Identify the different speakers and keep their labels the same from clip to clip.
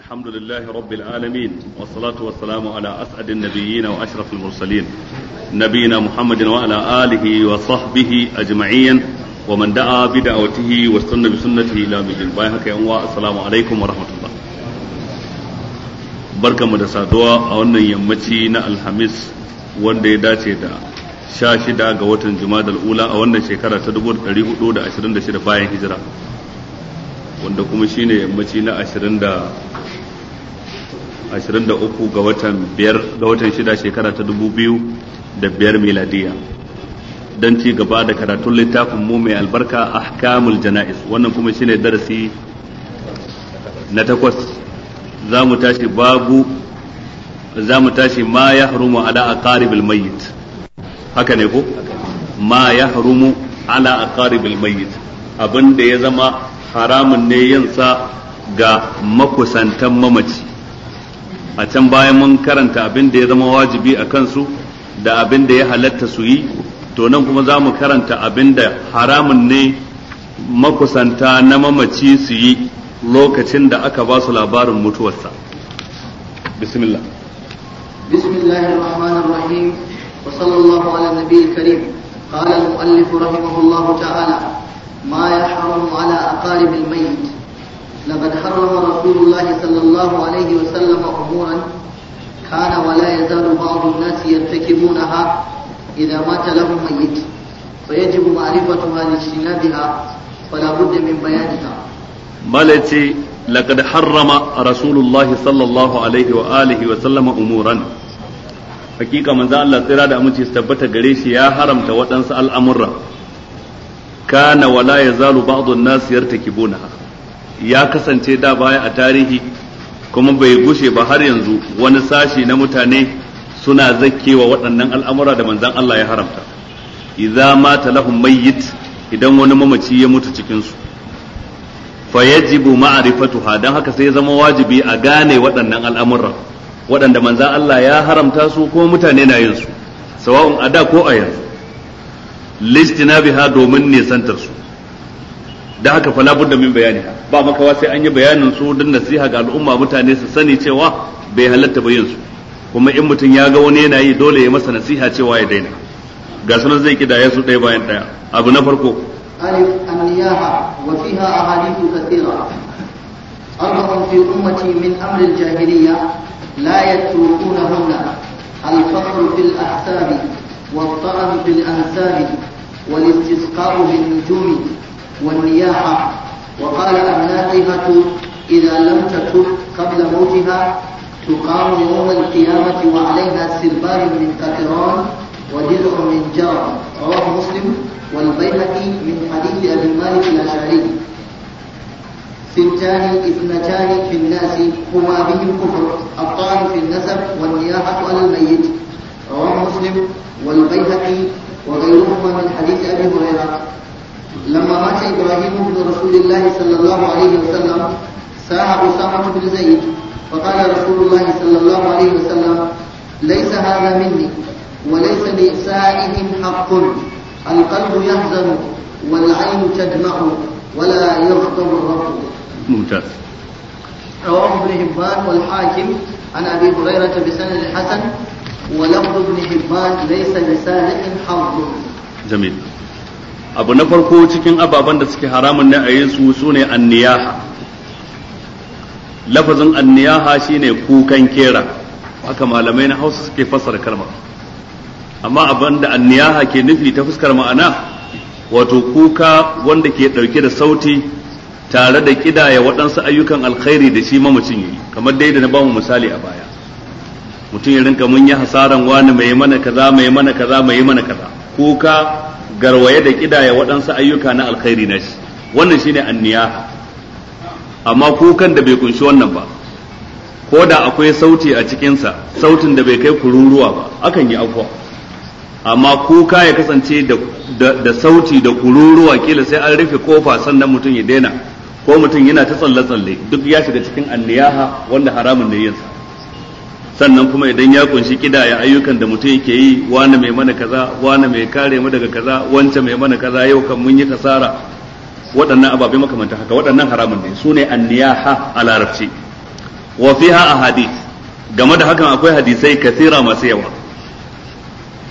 Speaker 1: الحمد لله رب العالمين والصلاة والسلام على أسعد النبيين وأشرف المرسلين نبينا محمد وعلى آله وصحبه أجمعين ومن دعا بدعوته واستنى بسنته إلى مجد بايحك السلام عليكم ورحمة الله بركة مدرسة دعاء أولا يمتينا الحميس wanda ya dace da sha shida ga watan juma'a da ula a wannan shekara ta 1426 bayan hijira wanda kuma shi ne yammaci na 23 ga watan biyar ga watan 6 shekara ta da 2005 miladiya don ci gaba da karatun littafin mu mai albarka a kamul jana'iz wannan kuma shi ne darasi na takwas za mu tashi babu za mu tashi ma ya harumu ala aqaribil mayit haka ne ko ma ya harumu ala aqaribil mayyit abin da ya zama haramun ne yansa ga makusantan mamaci a can bayan mun karanta abin da ya zama wajibi a kansu da abin da ya halatta su yi to nan kuma za mu karanta abin da haramun ne makusanta na mamaci su yi lokacin da aka ba su labarin mutuwarsa bismillah
Speaker 2: bismillahir rahmanir rahim wa sallallahu ala nabiyil karim qala al muallif rahimahullahu ta'ala ما يحرم على أقارب الميت لقد حرم رسول الله صلى الله عليه وسلم أمورا كان ولا يزال بعض الناس يرتكبونها إذا مات له ميت فيجب معرفتها لاجتنابها فلا بد من بيانها
Speaker 1: مالتي لقد حرم رسول الله صلى الله عليه وآله وسلم أمورا hakika manzo Allah tsira da aminci su tabbata gare shi ya haramta waɗansu al'amurra kana wala ya zalu ba'dun nas yartakibuna ya kasance da baya a tarihi kuma bai gushe ba har yanzu wani sashi na mutane suna zakkewa waɗannan al'amura da manzan Allah ya haramta idza mata lahum mayyit idan wani mamaci ya mutu cikin su fa yajibu ma'rifatuha dan haka sai ya zama wajibi a gane waɗannan al'amura waɗanda manzan Allah ya haramta su kuma mutane na yin su sawa'un ada ko a yanzu lijtinabiha domin nisantar su da haka fala budda min bayaniha ba makawa sai an yi bayanin su don nasiha ga al'umma mutane su sani cewa bai halatta ba yin su kuma in mutum ya ga wani yana yi dole ya masa nasiha cewa ya daina ga sunan zai kidaya su ɗaya bayan ɗaya abu na farko
Speaker 2: alif an-niyaha wa fiha ahadithu kathira أربع في أمتي من أمر الجاهلية لا يتركونهن الفقر في الأحساب والطعن في الأنساب والاستسقاء بالنجوم والنياحة وقال الناطقة إذا لم تتب قبل موتها تقام يوم القيامة وعليها سربال من قطران ودرع من جار رواه مسلم والبيهقي من حديث أبي مالك الأشعري ستان اثنتان في الناس هما به الكفر الطعن في النسب والنياحة على الميت رواه مسلم والبيهقي وغيرهما من حديث أبي هريرة لما مات إبراهيم بن رسول الله صلى الله عليه وسلم ساعه أسامة بن زيد فقال رسول الله صلى الله عليه وسلم ليس هذا مني وليس لسائهم حق القلب يحزن والعين تدمع ولا يغضب الرب ممتاز رواه ابن حبان والحاكم عن ابي هريره بسند حسن ولفظ ابن حبان ليس
Speaker 1: جميل abu na farko cikin ababen da suke haramun ne a yin su su ne anniyaha lafazin anniyaha shine kukan kera haka malamai na hausa suke fassara kalmar amma abin da anniyaha ke nufi ta fuskar ma'ana wato kuka wanda ke ɗauke da sauti tare da kidaya waɗansu ayyukan alkhairi da shi mamacin yi kamar dai da na bamu misali a baya mutum ya rinka mun yi hasaran wani mai mana kaza mai mana kaza mai mana kaza kuka garwaye da kidaya waɗansu ayyuka na alkhairi na shi wannan shine anniya amma kukan da bai kunshi wannan ba ko da akwai sauti a cikinsa sautin da bai kai kururuwa ba akan yi afuwa amma kuka ya kasance da sauti da kururuwa kila sai an rufe kofa sannan mutum ya daina ko mutum yana ta tsalle-tsalle duk ya shiga cikin anniyaha wanda haramun ne yinsa sannan kuma idan ya kunshi kidaya ayyukan da mutum yake yi wani mai mana kaza wani mai kare mu daga kaza wance mai mana kaza yau kan mun yi kasara waɗannan ababai manta haka waɗannan haramun ne su ne anniyaha a larabci wa fiha ahadith game da hakan akwai hadisai kasira masu yawa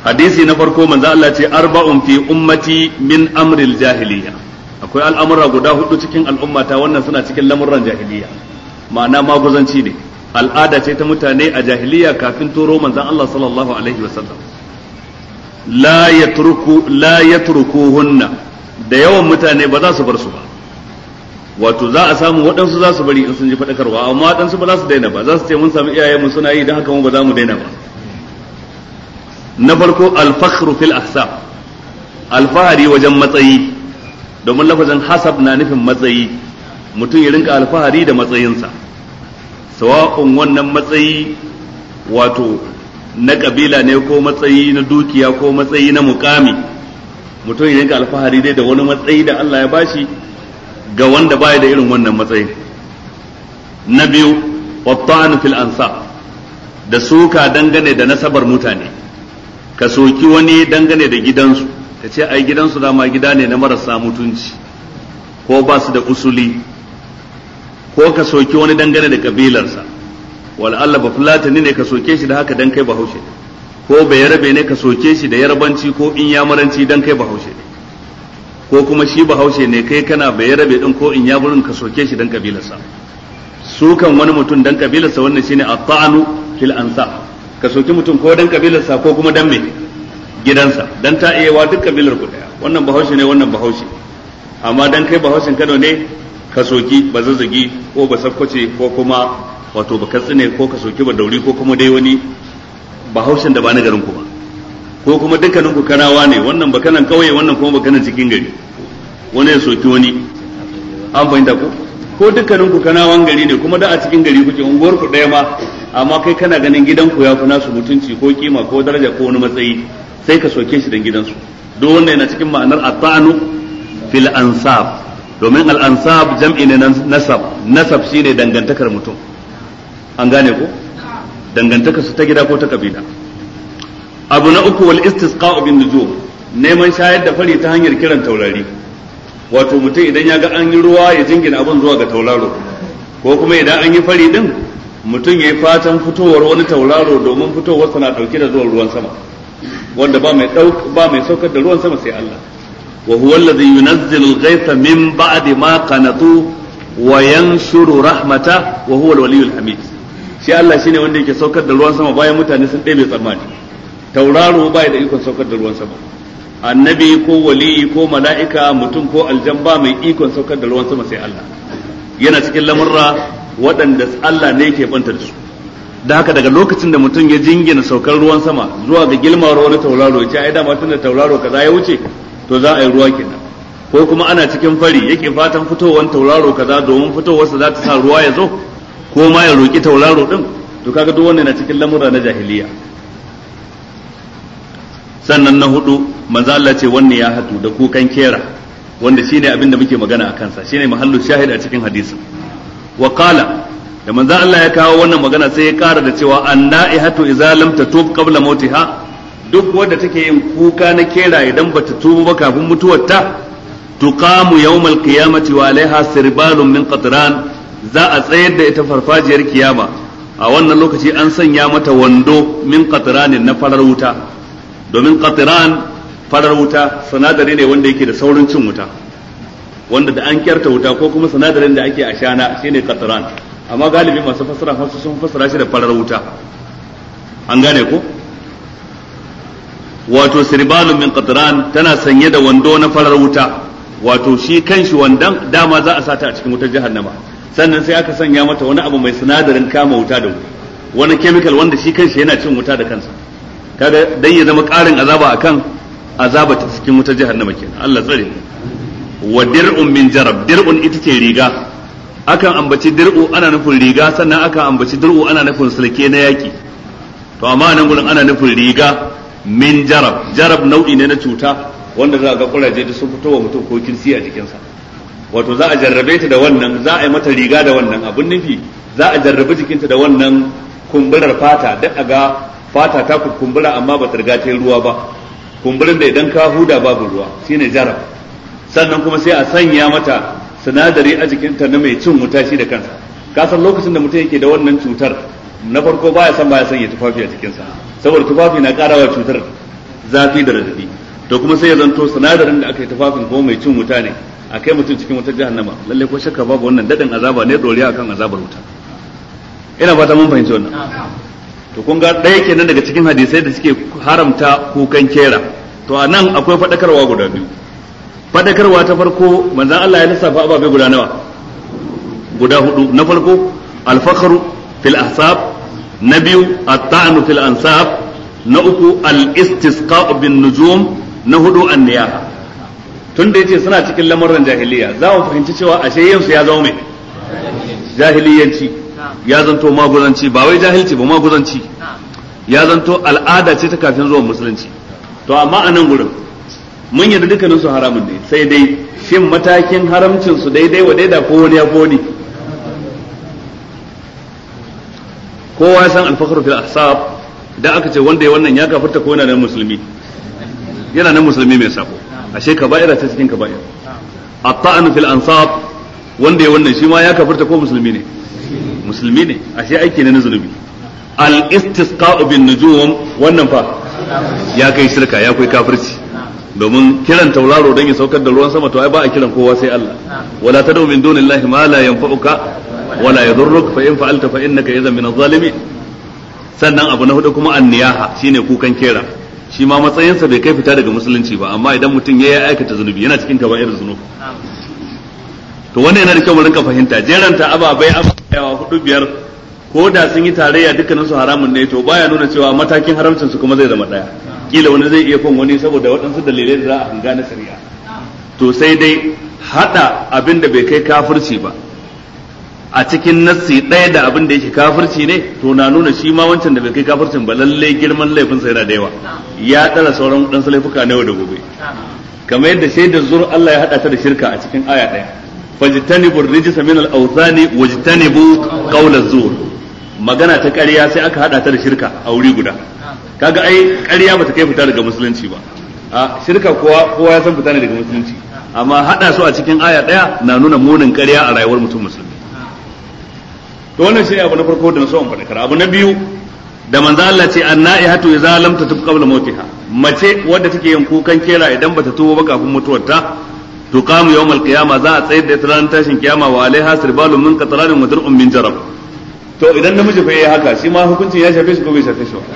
Speaker 1: hadisi na farko manzo Allah ce arba'un fi ummati min amril jahiliya akwai al'amura guda hudu cikin al'ummata wannan suna cikin lamurran jahiliya ma'ana maguzanci ne al'ada ce ta mutane a jahiliya kafin turo manzan Allah sallallahu alaihi wasallam la yatruku la yatrukuhunna da yawan mutane ba za su bar su ba wato za a samu waɗansu za su bari in sun ji faɗakarwa amma waɗansu ba za su daina ba za su ce mun sami iyayenmu suna yi don haka mu ba za mu daina ba na farko alfakhru fil ahsab alfahari wajen matsayi domin lafazin hasab na nufin matsayi mutum ya rinka alfahari da matsayinsa sawa'un wannan matsayi wato na kabila ne ko matsayi na dukiya ko matsayi na mukami mutum ya yanka alfahari dai da wani matsayi da Allah ya bashi ga wanda baya da irin wannan matsayi. na biyu watta'an fil ansa da suka dangane da nasabar mutane ka soki wani dangane da gidansu ka ce ai gidansu nama gida ne na marasa mutunci ko ba su da usuli ko ka soki wani dangane da kabilarsa wal Allah ba fulatani ne ka soke shi da haka dan kai bahaushe ko bai yarbe ne ka soke shi da yarbanci ko in yamaranci dan kai bahaushe ko kuma shi bahaushe ne kai kana bai yarbe din ko in yamurin ka soke shi dan kabilarsa sukan wani mutum dan kabilarsa wannan shine at'anu fil ansa ka soki mutum ko dan kabilarsa ko kuma dan me gidansa dan ta iya wa duk kabilar ku daya wannan bahaushe ne wannan bahaushe amma dan kai bahaushe Kano ne ka soki ba zazzagi ko ba sakkwace ko kuma wato ba katsine ko ka soki ba dauri ko kuma dai wani ba haushin da ba na garin ku ba ko kuma dukkanin ku kanawa ne wannan ba kanan kauye wannan kuma ba kanan cikin gari wani ya soki wani an fahimta ko ko dukkanin ku kanawan gari ne kuma da a cikin gari kuke unguwar ku ɗaya ma amma kai kana ganin gidan ku ya fi nasu mutunci ko kima ko daraja ko wani matsayi sai ka soke shi dan gidansu duk wannan yana cikin ma'anar atanu fil ansab domin al'ansab jam'i ne nasab nasab shi ne dangantakar mutum an gane ko dangantakar su ta gida ko ta kabila abu na uku wal istisqa bin nujum neman shayar da fari ta hanyar kiran taurari wato mutum idan ya ga an yi ruwa ya jingina abin zuwa ga tauraro ko kuma idan an yi fari din mutum ya yi fatan fitowar wani tauraro domin fitowar na ɗauke da zuwan ruwan sama wanda ba mai ba mai saukar da ruwan sama sai Allah وهو الذي ينزل الغيث من بعد min قنطوا وينشر رحمته وهو الولي rahmata shi Allah shine wanda yake saukar da ruwan sama bayan mutane sun ɗebe tsammani tauraro bai da ikon saukar da ruwan sama annabi ko wali ko mala'ika mutum ko aljamba mai ikon saukar da ruwan sama sai Allah yana cikin lamurra waɗanda Allah ne yake banta da su da haka daga lokacin da mutum ya jingina saukar ruwan sama zuwa ga gilmar wani tauraro ya ce ai dama da tauraro kaza ya wuce to za a yi ruwa kenan ko kuma ana cikin fari yake fatan fitowar tauraro kaza domin fitowarsa za ta sa ruwa ya zo ko ma ya roki tauraro din to kaga duk wannan na cikin lamura na jahiliya sannan na hudu manzo Allah ce wannan ya hatu da kukan kera wanda shine abin da muke magana a kansa shine mahallu shahid a cikin hadisi wa qala da manzo Allah ya kawo wannan magana sai ya kara da cewa an na'ihatu idza lam tatub qabla mautiha duk wadda take yin kuka na kera idan ba ta tuba ba kafin mutuwarta tuqamu yawmal qiyamati wa alaiha sirbalun min qatran za a tsayar da ita farfajiyar kiyama a wannan lokaci an sanya mata wando min qatran na farar wuta domin qatran farar wuta sinadari ne wanda yake da saurin cin wuta wanda da an kyarta wuta ko kuma sinadarin da ake a shine qatran amma galibi masu fasara sun fasara shi da farar wuta an gane ko wato sirbalun min qatran tana sanye da wando na farar wuta wato shi kanshi wandan dama za a sata a cikin wutar jahannama sannan sai aka sanya mata wani abu mai sinadarin kama wuta da wuta wani chemical wanda shi kanshi yana cin wuta da kansa kaga dan ya zama karin azaba akan azaba ta cikin wutar jahannama kenan Allah tsare wa dir'un min jarab dir'un ita ce riga akan ambaci dir'u ana nufin riga sannan akan ambaci dir'u ana nufin sulke na yaki to amma nan gurin ana nufin riga min jarab jarab nau'i ne na cuta wanda za a ga kuraje da sun fito wa mutum ko kirsi a jikinsa wato za a jarrabe ta da wannan za a yi mata riga da wannan abun nufi za a jarrabi jikinta da wannan kumburar fata duk a ga fata ta kumbura amma ba ta riga ta yi ruwa ba kumburin da idan ka huda babu ruwa shine jarab sannan kuma sai a sanya mata sinadari a jikinta na mai cin wuta shi da kansa ka san lokacin da mutum yake da wannan cutar na farko baya san baya sanya tufafi a jikinsa saboda tufafi na karawa cutar zafi da radadi to kuma sai ya zanto sinadarin da aka yi tufafin kuma mai cin wuta ne a kai mutum cikin wutar jahannama lalle ko shakka babu wannan dadin azaba ne doriya akan azabar wuta ina fata mun fahimci wannan to kun ga ɗaya kenan daga cikin hadisai da suke haramta kukan kera to a nan akwai faɗakarwa guda biyu faɗakarwa ta farko manzan Allah ya lissafa ababe guda nawa guda hudu na farko alfakaru fil ahsab na biyu a tanu fil ansab na uku al-istisqa bin nujum na hudu an-niyaha tun da yace suna cikin lamarin jahiliya za mu fahimci cewa ashe yau ya zama mai jahiliyanci ya zanto maguzanci ba wai jahilci ba maguzanci ya zanto al'ada ce ta kafin zuwan musulunci to amma a nan gurin mun yarda dukkanin su haramun ne sai dai shin matakin haramcin su daidai wa daida ko wani ya ko kowa san al fil ahsab dan aka ce wanda ya wannan ya kafirta ko yana nan musulmi yana nan musulmi mai sako ashe kaba'ira ta cikin kaba'ir at-ta'an fil ansab wanda ya wannan shi ma ya kafirta ko musulmi ne musulmi ne ashe aiki ne na zunubi al-istisqa'u bin nujum wannan fa ya kai shirka ya kai kafirci domin kiran tauraro don ya saukar da ruwan sama to ai ba a kiran kowa sai Allah wala tad'u min dunillahi ma la yanfa'uka wala yadurruk fa in fa'alta fa innaka idhan min adh sannan abu na hudu kuma niyaha shine kukan kera shi ma matsayinsa bai kai fita daga musulunci ba amma idan mutum ya yi aikata zunubi yana cikin irin zunubi to wannan yana da kyau mu rinka fahimta jeranta ababai abayawa hudu biyar ko da sun yi tarayya dukkanin su haramun ne to baya nuna cewa matakin haramcin su kuma zai zama daya kila wani zai iya fin wani saboda waɗansu dalilai da za a hanga na shari'a to sai dai hada abin da bai kai kafirci ba a cikin nassi ɗaya da abin da yake kafirci ne to na nuna shi ma wancan da bai kai kafircin ba lalle girman laifin sa yana da yawa ya tsara sauran dan salafuka na yau da gobe kamar yadda shaidar zur Allah ya hada ta da shirka a cikin aya ɗaya fajtanibu Rijis, min al-awthani wajtanibu qawl az magana ta ƙarya sai aka hada ta da shirka a wuri guda kaga ai ƙarya bata kai fita daga musulunci ba a shirka kowa kowa ya san fita ne daga musulunci amma hada su a cikin aya ɗaya na nuna munin ƙarya a rayuwar mutum musulmi to wannan shine abu na farko da na so faɗa kara abu na biyu da manzo Allah ce annaihatu idza lam tatub qabla mautiha mace wadda take yin kukan kera idan bata tuba ba kafin mutuwarta tuqamu yawmal qiyama za a tsayar da ita ranar tashin kiyama wa alaiha sirbalun min qatranin wa dir'un min jarab to idan namiji fa yayi haka shi ma hukuncin ya shafe shi ko bai shafe shi ba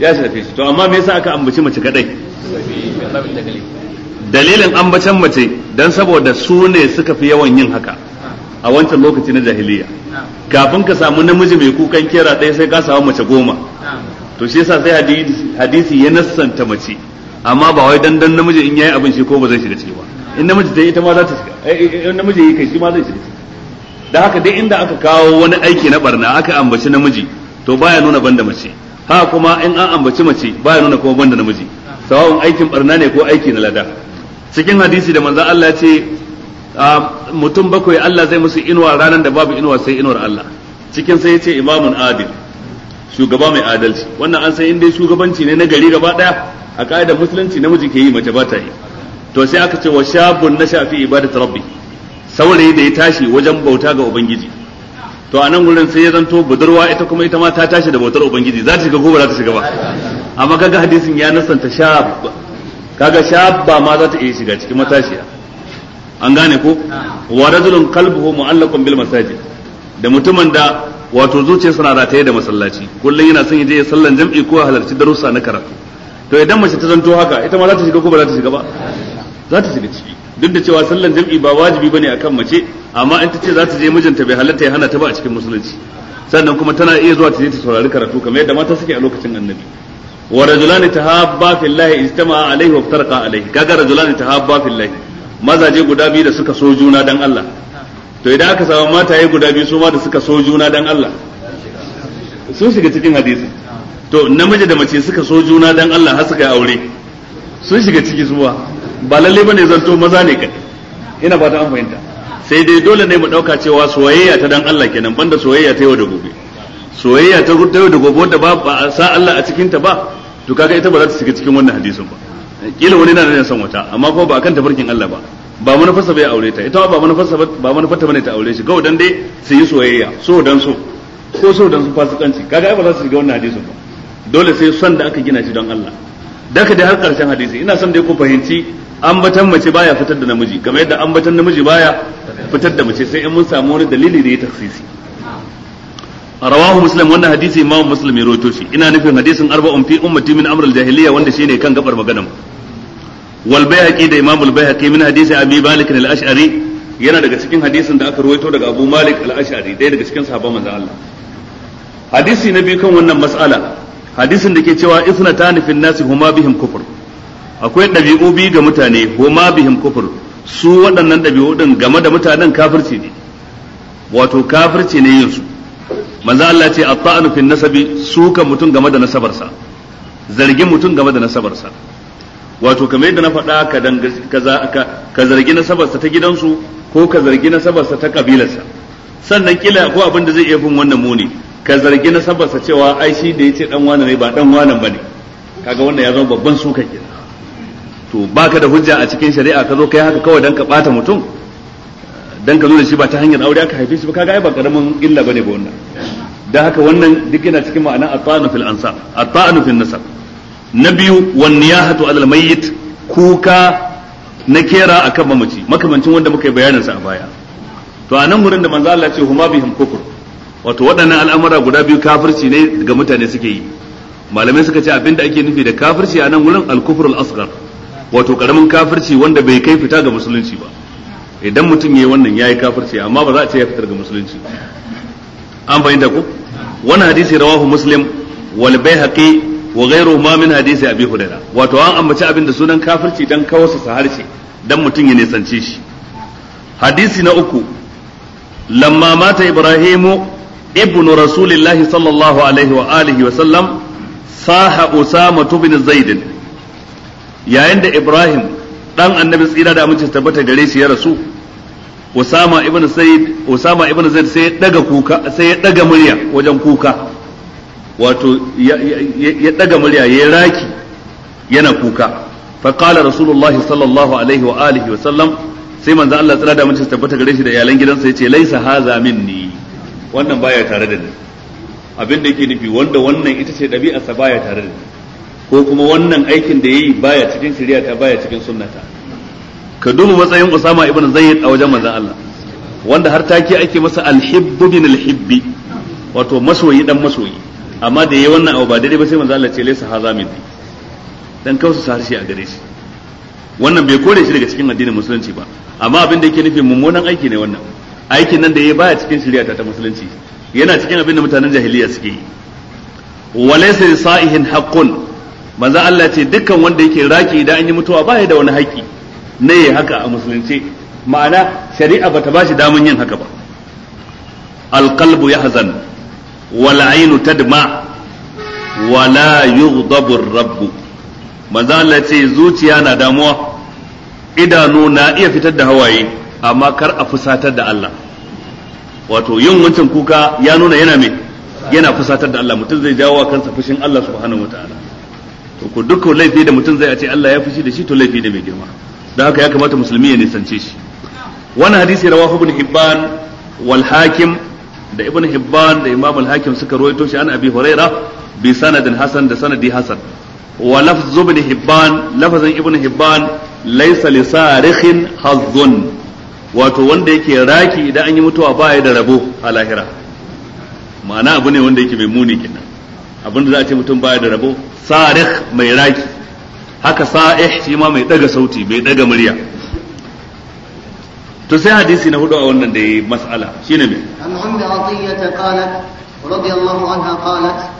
Speaker 1: ya shafe shi to amma me yasa aka ambaci mace kadai dalilin ambacen mace dan saboda su ne suka fi yawan yin haka a wancan lokaci na jahiliya kafin ka samu namiji mai kukan kera ɗaya sai ka samu mace goma to shi yasa sai hadisi ya nassanta mace amma ba wai dandan namiji in yayi abin shi ko ba zai shiga ciki ba in namiji ta yi ita ma za ta shiga eh, eh, eh, in namiji yi kai shi ma zai shiga ciki da haka dai inda aka kawo wani aiki na barna aka ambaci namiji to baya nuna banda mace ha kuma in an ambaci mace baya nuna kuma banda namiji sawa'un aikin barna ne ko aiki na lada cikin hadisi da manzon Allah ya ce mutum bakwai Allah zai musu inuwa ranar da babu inuwa sai inuwar Allah cikin sai yace imamun adil shugaba mai adalci wannan an san inda shugabanci ne na gari gaba daya a ka'idar musulunci namiji ke yi mace ba ta yi to sai aka ce wa shabun na shafi ibadatu rabbi saurayi da ya tashi wajen bauta ga ubangiji to a nan gurin sai ya zanto budurwa ita kuma ita ma ta tashi da bautar ubangiji za ta shiga ko ba za ta shiga ba amma kaga hadisin ya nasanta shab kaga shab ma za ta iya shiga cikin matashiya an gane ko wa rajulun qalbuhu mu'allaqun bil masajid da mutumin da wato zuciyarsa na rataye da masallaci kullum yana son je ya sallan jam'i ko halarci darussa na karatu to idan mace ta zanto haka ita ma za ta shiga ko ba za ta shiga ba za ta shiga ciki duk da cewa sallan jam'i ba wajibi bane akan mace amma in ta ce za ta je mijinta bai halatta ya hana ta ba a cikin musulunci sannan kuma tana iya zuwa ta je ta saurari karatu kamar yadda mata suke a lokacin annabi wa rajulani tahabba fillahi istama'a alaihi wa tarqa alaihi kaga rajulani tahabba fillahi mazaje guda biyu da suka so juna dan Allah to idan aka samu mataye guda biyu su ma da suka so juna dan Allah sun shiga cikin hadisi to namiji da mace suka so juna dan Allah har suka aure sun shiga ciki zuwa ba lalle bane zanto maza ne kai ina ta an fahimta sai dai dole ne mu dauka cewa soyayya ta dan Allah kenan banda soyayya ta yau da gobe soyayya ta yau da gobe wanda ba sa Allah a cikin ta ba to kaga ita ba za ta shiga cikin wannan hadisin ba kila wani na da son wata amma kuma ba akan tafarkin Allah ba ba manufarsa bai aure ta ita ba manufarsa ba manufarta bane ta aure shi ga dan dai su yi soyayya so dan so ko so dan su fasikanci kaga ai ba za su shiga wannan hadisin ba dole sai son da aka gina shi don Allah daka dai har karshen hadisi ina son dai ku fahimci ambatan mace baya fitar da namiji kamar yadda ambatan namiji baya fitar da mace sai in mun samu wani dalili da ya taksisi rawahu muslim wannan hadisi imam muslim ya roto shi ina nufin hadisin arba'un fi ummati min amr al-jahiliya wanda shine kan gabar magana wal bayhaqi da imam al-bayhaqi min hadisi abi malik al-ash'ari yana daga cikin hadisin da aka ruwaito daga abu malik al-ash'ari dai daga cikin sahabban manzon Allah hadisi na biyu kan wannan mas'ala hadisin da ke cewa isnatani fil nasi huma bihim kufur akwai dabi'u biyu ga mutane huma bihim kufur su waɗannan dabi'u din game da mutanen kafirci ne wato kafirci ne yin su manzo Allah ce at-ta'anu fi nasabi suka mutum game da nasabarsa zargin mutum game da nasabarsa wato kamar yadda na faɗa ka ka zargi nasabarsa ta gidansu ko ka zargi nasabarsa ta kabilarsa sannan kila ko abin da zai iya bin wannan muni ka zargi nasabarsa cewa ai shi da yace dan wani ne ba dan wani bane kaga wannan ya zama babban suka kenan to baka da hujja a cikin shari'a ka zo kai haka kawai dan ka bata mutum dan ka zo da shi ba ta hanyar aure aka haife shi ba kaga ai ba karamin illa bane ba wannan dan haka wannan duk yana cikin ma'ana at-ta'anu fil ansab at-ta'anu fil nasab na biyu wan niyahatu alal mayyit kuka na kera akan mamaci makamancin wanda muka yi bayanin sa a baya to a nan gurin da manzo Allah ce huma bihim kufur wato waɗannan al'amura guda biyu kafirci ne ga mutane suke yi malamai suka ce abinda ake nufi da kafirci anan nan al kufrul asghar wato karamin kafirci wanda bai kai fita ga musulunci ba idan mutum yi wannan yi kafirci amma ba za a ce ya fitar ga musulunci an fahimta ku? Wani hadisi rawahu muslim wal baihaqi wa ghayruhu ma min hadisi abi hudaira wato an ambaci abin da sunan kafirci dan kawarsa sa harshe dan mutum ya nisance shi hadisi na uku lamma mata ibrahimu ibnu rasulillahi sallallahu alaihi wa alihi wa sallam saha usama bin zaid yayin da ibrahim dan annabi tsira da amince tabbata gare shi ya rasu Usama ibn Said Usama ibn Zaid sai ya daga kuka sai ya daga murya wajen kuka wato ya daga murya ya raki yana kuka fa qala rasulullahi sallallahu alaihi wa alihi wa sallam sai manzo Allah tsira da mace tabbata gare shi da iyalan gidansa yace laisa haza minni wannan baya tare da ni abin da yake nufi wanda wannan ita ce sa baya tare da ni ko kuma wannan aikin da yayi baya cikin shari'a ta baya cikin sunnata ka duba matsayin Usama ibn Zayd a wajen manzon Allah wanda har take ake masa alhibbu bin alhibbi wato masoyi dan masoyi amma da yayi wannan abu ba daidai ba sai manzon Allah ce laysa haza min dan kausa sarshi a gare shi wannan bai kore shi daga cikin addinin musulunci ba amma abin da yake nufi mummunan aiki ne wannan aikin nan da yayi baya cikin shari'a ta musulunci yana cikin abin da mutanen jahiliya suke yi laysa sa'ihin haqqun manzo Allah ce dukkan wanda yake raki idan an yi mutuwa ba ya da wani haƙƙi na yi haka a musulunci ma'ana shari'a bata ba shi damun yin haka ba alqalbu yahzan wal ainu tadma wala yughdabu ar manzo ce zuciya na damuwa idanu na iya fitar da hawaye amma kar a fusatar da Allah wato yin wancan kuka ya nuna yana me yana fusatar da Allah mutum zai jawo kansa fushin Allah subhanahu wataala to ku duk laifi da mutum zai a ce Allah ya fushi da shi to laifi da mai girma da haka ya kamata musulmi ya nisance shi wannan hadisi rawa ibn hibban wal hakim da ibn hibban da imam al hakim suka rawaito shi an abi huraira bi sanadin hasan da sanadi hasan wa lafzu ibn hibban lafazin ibn hibban laysa li sarikhin hazzun wato wanda yake raki idan an yi mutuwa ba ya da rabo a lahira ma'ana abu ne wanda yake mai muni kenan abinda za a ce mutum ba ya da rabo sarikh mai raki haka sa'ih shi ma mai daga sauti mai daga murya to sai hadisi na hudu a wannan da yayi mas'ala shine me
Speaker 2: an ummi atiyata qalat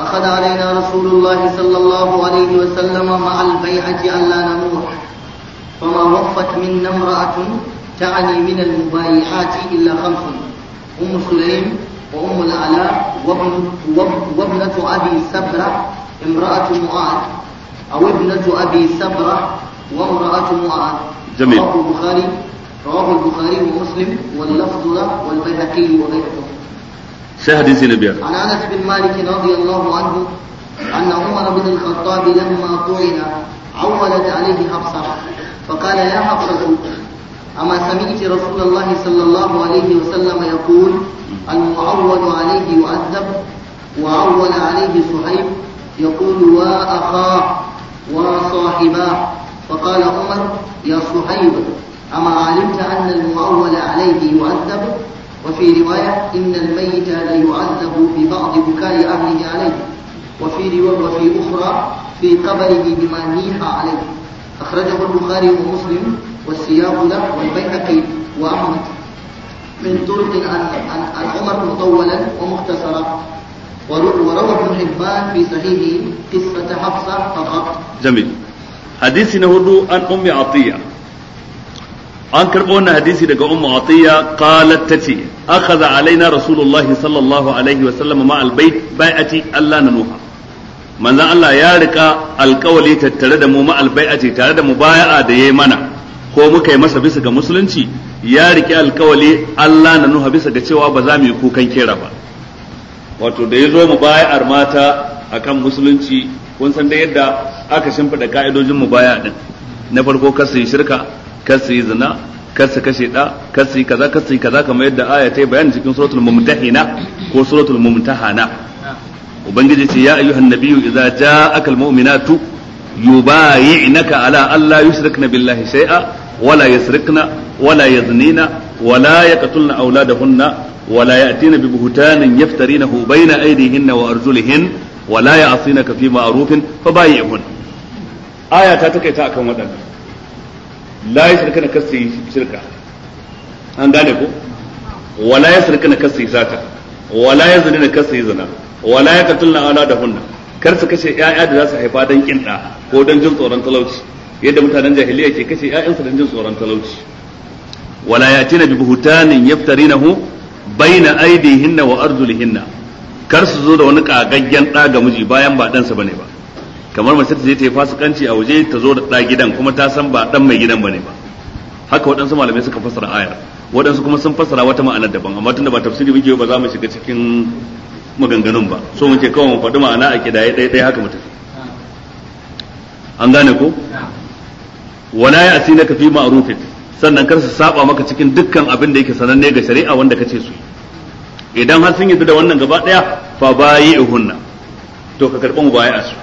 Speaker 2: أخذ علينا رسول الله صلى الله عليه وسلم مع البيعة أن لا فما وقفت أو ابنة أبي سبرة وامرأة معاذ جميل رواه البخاري رواه البخاري ومسلم واللفظ له والبيهقي وغيره
Speaker 1: شيخ حديث النبي عن
Speaker 2: أنس بن مالك رضي الله عنه أن عمر بن الخطاب لما طعن عولت عليه حفصة فقال يا حفصة أما سمعت رسول الله صلى الله عليه وسلم يقول المعول عليه يؤدب وعول عليه صهيب يقول وا أخاه وصاحباه فقال عمر يا صهيب أما علمت أن المؤول عليه يؤدب وفي رواية إن الميت ليعذب في بعض بكاء أهله عليه وفي رواية وفي أخرى في قبره بما نيح عليه أخرجه البخاري ومسلم والسياق له والبيهقي وأحمد من طرق عن عمر مطولا ومختصرا
Speaker 1: جميل حديث نهدو عن أم عطية an karɓo ni hadisi daga عطية قالت تتي tace علينا alaina الله sallallahu alaihi wa sallam ma البيت bai'ati ألا ننوها من Allah ya rika alkawali tattare da mu ma albay'ati tare da da mana ko muka yi masa bisa ga musulunci ya rike alkawali Allah na nuha bisa ga cewa ba za mu yi kukan kera ba wato da ya zo mu bayar mata akan musulunci kun san da yadda aka shimfiɗa ka'idojin mu baya din na farko kar shirka kar zina kar kashe da kar kaza kar kaza kamar yadda aya ta yi bayani cikin suratul mumtahina ko suratul mumtahana ubangiji ce ya ayyuhan nabiyyu idza ja'akal mu'minatu yubayi'naka ala alla yushrikna billahi shay'a wala yusrikna wala yaznina wala yaqtulna auladahunna ولا يأتين ببهتان يفترينه بين أيديهن وأرجلهن ولا يعصينك في معروف فبايعهن آية تتكيتا أكم ودن لا يسركن كسي شركة أن ذلك ولا يسركن كسي ساتا ولا يزنين كسي زنا ولا يقتلن أولادهن karsa su kashe ƴaƴa da za su haifa dan kin ɗa ko dan jin tsoron talauci yadda mutanen jahiliya ke kashe ƴaƴansu dan jin tsoron talauci wala yatina bi buhtanin yaftarinahu baina hinna wa hinna kar su zo da wani kagaggen ɗa ga miji bayan ba ɗansa bane ba kamar mace ta je ta yi fasikanci a waje ta zo da ɗa gidan kuma ta san ba ɗan mai gidan bane ba haka waɗansu malamai suka fassara ayar waɗansu kuma sun fassara wata ma'ana daban amma tunda ba tafsiri muke ba za mu shiga cikin maganganun ba so muke kawai mu faɗi ma'ana a kidaye ɗaya ɗaya haka mutum an gane ko wala ya ka fi ma'rufin sannan kar su saba maka cikin dukkan abin da yake sananne ga shari'a wanda kace su idan har sun yadda da wannan gaba daya fa bayi'uhunna to ka karbi mubaya'a su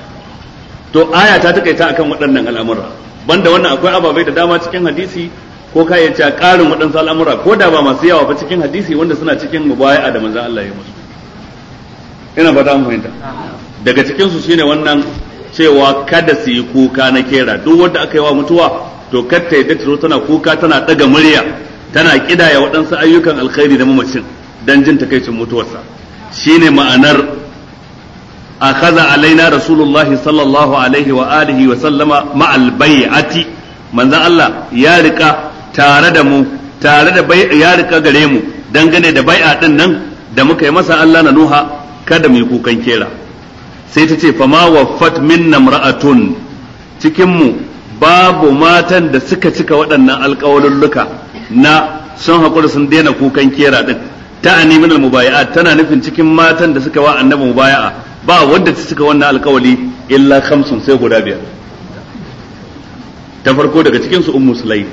Speaker 1: to aya ta takaita akan waɗannan al'amura banda wannan akwai ababai da dama cikin hadisi ko ka yace ƙarin waɗansu al'amura ko da ba masu yawa ba cikin hadisi wanda suna cikin mubaya'a da manzon Allah ya musu ina fata mun fahimta daga cikin su shine wannan cewa kada su yi kuka na kera duk wanda aka yi wa mutuwa to kar ta yadda tana kuka tana daga murya tana kidaya waɗansu ayyukan alkhairi da mamacin dan jin takaicin mutuwarsa shine ma'anar akhadha alaina rasulullahi sallallahu alaihi wa alihi wa sallama ma'al bai'ati manzon Allah ya rika tare da mu tare da ya rika gare mu dangane da bai'a din nan da muka yi masa Allah na Nuha kada mu yi kukan kera sai ta ce fama waffat min mar'atun cikin mu babu matan da suka cika waɗannan alƙawalulluka na sun haƙuri sun daina kukan kera ɗin ta ani min mubaya'a tana nufin cikin matan da suka wa annabi mubaya'a ba wanda ta cika wannan alƙawali illa kamsun sai guda biyar ta farko daga cikin su ummu sulai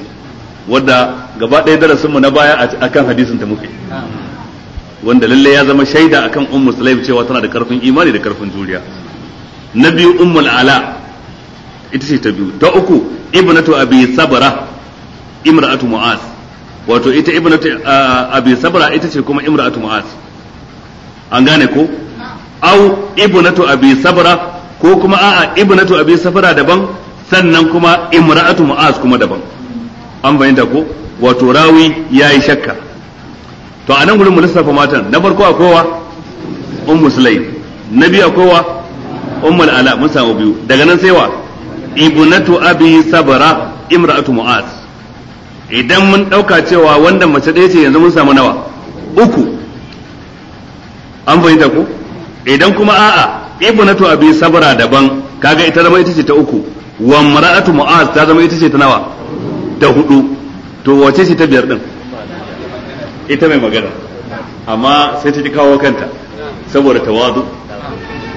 Speaker 1: wadda gaba ɗaya darasin mu na baya akan hadisin ta muke wanda lalle ya zama shaida akan ummu sulai cewa tana da karfin imani da karfin juriya na biyu ummul ala ita ce ta biyu ta uku ibnatu abi sabra imra'atu mu'az wato ita ibnatu abi sabra ita ce kuma imra'atu mu'az an gane ko au ibnatu abi sabra ko kuma a'a ibnatu abi sabra daban sannan kuma imra'atu mu'az kuma daban an bayyana ko wato rawi yayi shakka to a nan gurin mu lissafa matan na farko akwai wa ummu sulaim na biyu akwai wa ummul ala mun samu biyu daga nan sai wa ibnatu abi sabra imra'atu mu'az idan mun dauka cewa wanda mace ɗaya ce yanzu mun samu nawa uku an fahimta ku idan kuma a'a ibnatu abi sabra daban kaga ita zama ita ce ta uku wa mar'atu mu'az ta zama ita ce ta nawa ta hudu to wace ce ta biyar din ita mai magana amma sai ta ji kawo kanta saboda tawadu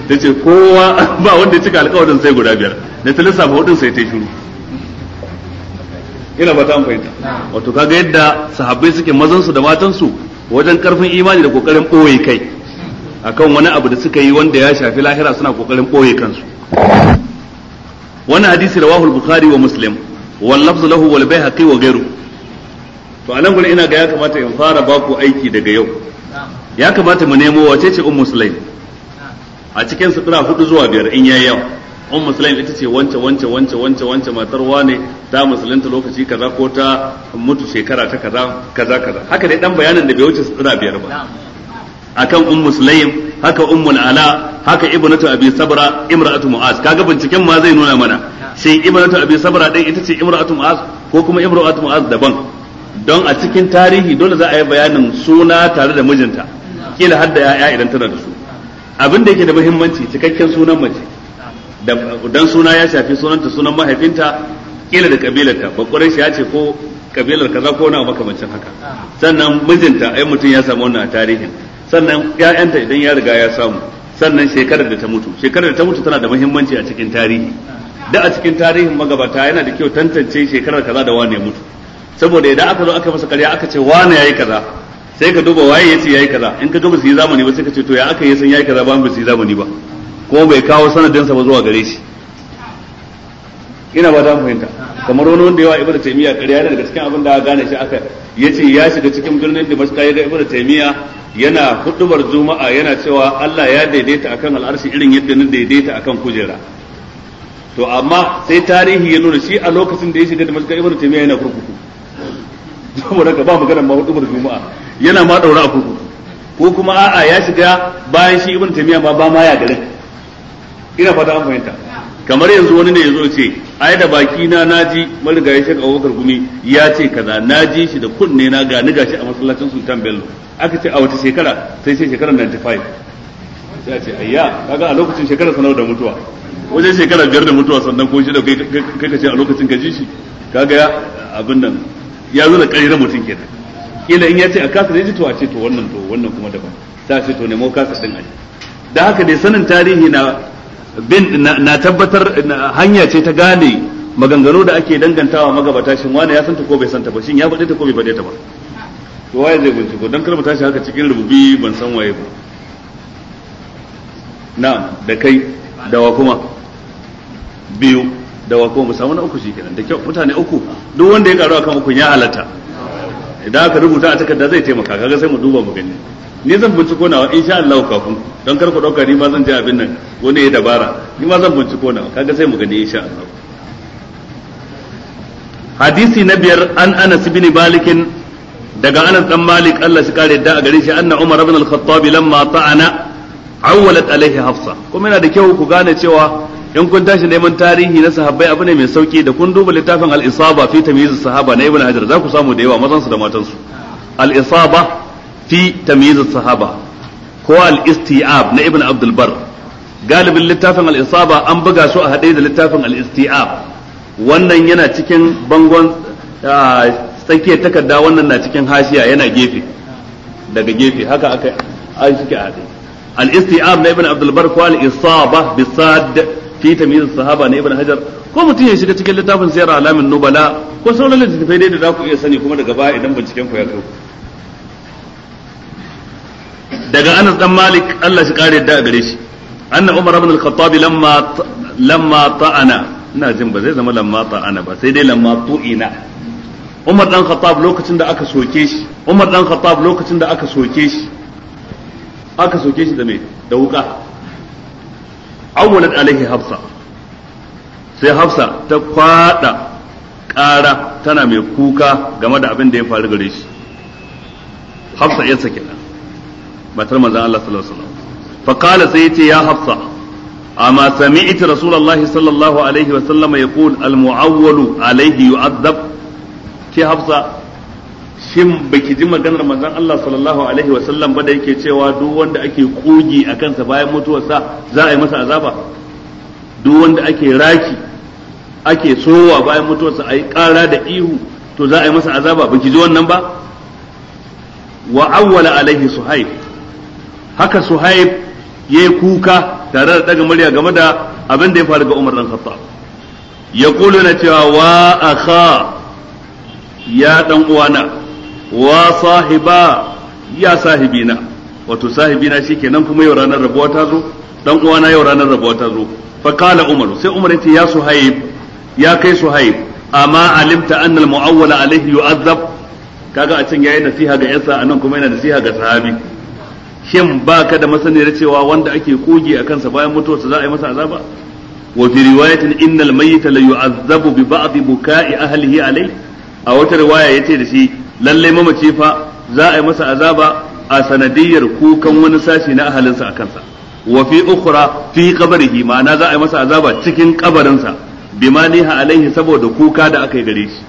Speaker 1: ta ce kowa ba wanda ya cika alkawarin sai guda biyar da ta lissafa hudun sai ta shuru. ina ba ta wato kaga yadda sahabbai suke mazansu da matansu wajen karfin imani da kokarin ɓoye kai akan wani abu da suka yi wanda ya shafi lahira suna kokarin boye kansu wannan hadisi rawahu al-bukhari wa muslim wal lafzu lahu wal bayhaqi wa ghayru to anan gurin ina ga ya kamata in fara baku aiki daga yau ya kamata mu nemo wace ce ummu sulaim a cikin tana hudu zuwa biyar in yayi yawa um musulaim ita ce wance wance wance wance wance matar wane ta musulunta lokaci kaza ko ta mutu shekara ta kaza kaza kaza haka dai dan bayanin da bai wuce su tana biyar ba akan um musulaim haka ummul ala haka ibnatu abi sabra imra'atu mu'az kaga binciken ma zai nuna mana sai ibnatu abi sabra din ita ce imra'atu mu'az ko kuma imra'atu mu'az daban don a cikin tarihi dole za a yi bayanin suna tare da mijinta kila hadda da ya'ya idan tana da su abin da yake da muhimmanci cikakken sunan mace dan suna ya shafi sunanta sunan mahaifinta kila da kabilarta bakwarai shi ya ce ko kabilar kaza ko na makamancin haka sannan mijinta ai mutum ya samu wannan a tarihin sannan ƴaƴanta idan ya riga ya samu sannan shekarar da ta mutu shekarar da ta mutu tana da muhimmanci a cikin tarihi da a cikin tarihin magabata yana da kyau tantance shekarar kaza da wane ya mutu saboda idan aka zo aka masa karya aka ce wane yayi kaza sai ka duba waye yace yayi kaza in ka duba su yi zamani ba sai ka ce to ya aka yi san yayi kaza ba ba su yi zamani ba ko bai kawo sanadin sa ba zuwa gare shi ina ba ta fahimta kamar wani wanda yawa ibnu taymiya ƙarya daga cikin abin da gane shi aka yace ya shiga cikin birnin Damascus ya ga ibada taimiya yana hudubar juma'a yana cewa Allah ya daidaita akan al'arshi irin yadda nan daidaita akan kujera to amma sai tarihi ya nuna shi a lokacin da ya shiga Damascus ibada taimiya yana kurkuku saboda ka ba maganar ma hudubar juma'a yana ma daura a kurkuku ko kuma a'a ya shiga bayan shi ibn tamiya ma ba ma ya garin ina fata an fahimta kamar yanzu wani ne yazo ce ai da baki na naji marigayi shek Abubakar Gumi ya ce kaza naji shi da kunne na ga ni gashi a masallacin Sultan Bello aka ce a wata shekara sai sai shekarar 95 sai a ce ayya kaga a lokacin shekarar sanar da mutuwa wajen shekara biyar da mutuwa sannan ko shi da kai ka ce a lokacin ka ji shi kaga abin nan ya zo da ƙarirar mutum kenan kila in ya ce a kasa ne to a ce to wannan to wannan kuma daban ta ce to nemo kasa din ake. da haka dai sanin tarihi na bin na tabbatar hanya ce ta gane maganganu da ake dangantawa magabata shin wani ya santa ko bai santa ba shin ya faɗe ta ko bai faɗe ta ba to waye zai ko dan karba tashi haka cikin rububi ban san waye ba na'am da kai da wa kuma biyu da wa mu samu na uku shi kenan da kyau mutane uku duk wanda ya karu akan uku ya halatta idan aka rubuta a takarda zai taimaka kaga sai mu duba mu gani ni zan binciko nawa insha Allah kafin don kar ku dauka ni ma zan je abin nan wani ya dabara ni ma zan binciko nawa kaga sai mu gani insha Allah hadisi na biyar an Anas bin Malik daga Anas dan Malik Allah shi kare da a gare shi anna Umar ibn al-Khattab lamma ta'ana awwalat alaihi Hafsa kuma yana da kyau ku gane cewa in kun tashi neman tarihi na sahabbai abu ne mai sauki da kun duba littafin al-isaba fi tamyiz sahaba na ibn hajar za ku samu da yawa mazan su da matan su al-isaba fi tamyiz sahaba ko al-istiab na ibn abdul bar galibin littafin al-isaba an buga su a hade da littafin al-istiab wannan yana cikin bangon tsakiyar takarda wannan na cikin hashiya yana gefe daga gefe haka aka an shike a hade al-istiab na ibn abdul bar ko al-isaba bisad fi tamyiz sahaba ne ibn hajar ko mutum ya shiga cikin littafin sayar alamin nubala ko sauran littafai ne da za ku iya sani kuma daga baya idan binciken ku ya kai daga anas dan malik Allah shi kare yadda a gare shi anna umar ibn al-khattab lamma lamma ta'ana ina jin ba zai zama lamma ta'ana ba sai dai lamma tu'ina umar dan khattab lokacin da aka soke shi umar dan khattab lokacin da aka soke shi aka soke shi da me da wuka awwalat alaihi hafsa sai hafsa ta kwada ƙara tana mai kuka game da abin da ya faru gare shi hafsa yarsa matar manzon Allah sallallahu alaihi wasallam fa qala sai yace ya hafsa amma sami'ti rasulullahi sallallahu alaihi wasallam yaqul al mu'awwalu alaihi yu'adhab ke hafsa shin baki ji maganar manzon Allah sallallahu alaihi wa sallam ba da yake cewa duk wanda ake kogi a kansa bayan mutuwarsa za a yi masa azaba duk wanda ake raki ake sowa bayan mutuwarsa a yi ƙara da ihu to za a yi masa azaba baki ji wannan ba wa awwala alaihi suhaib haka suhaib ya yi kuka tare da daga murya game da abin da ya faru ga Umar dan Khattab ya na cewa wa akha ya dan uwana wa sahiba ya sahibina wato sahibina nan kuma yau ranar rabuwa ta zo dan uwana yau ranar rabuwa ta zo fa kala umaru sai umar yace ya suhaib ya kai suhaib amma alimta annal muawwala alaihi yu'azzab kaga a can yi nasiha ga yansa anan kuma yana nasiha ga sahabi shin baka da masaniyar cewa wanda ake kogi a kansa bayan mutuwarsa za a yi masa azaba wa fi riwayatin innal mayyita la yu'azzabu bi ba'd buka'i ahlihi alayhi a wata riwaya yace da shi lalle mamaci fa za a yi masa azaba a sanadiyar kukan wani sashi na ahalinsa a kansa wa fi ukhra fi qabrihi ma'ana za a yi masa azaba cikin kabarinsa bimani niha alaihi saboda kuka da aka yi gare shi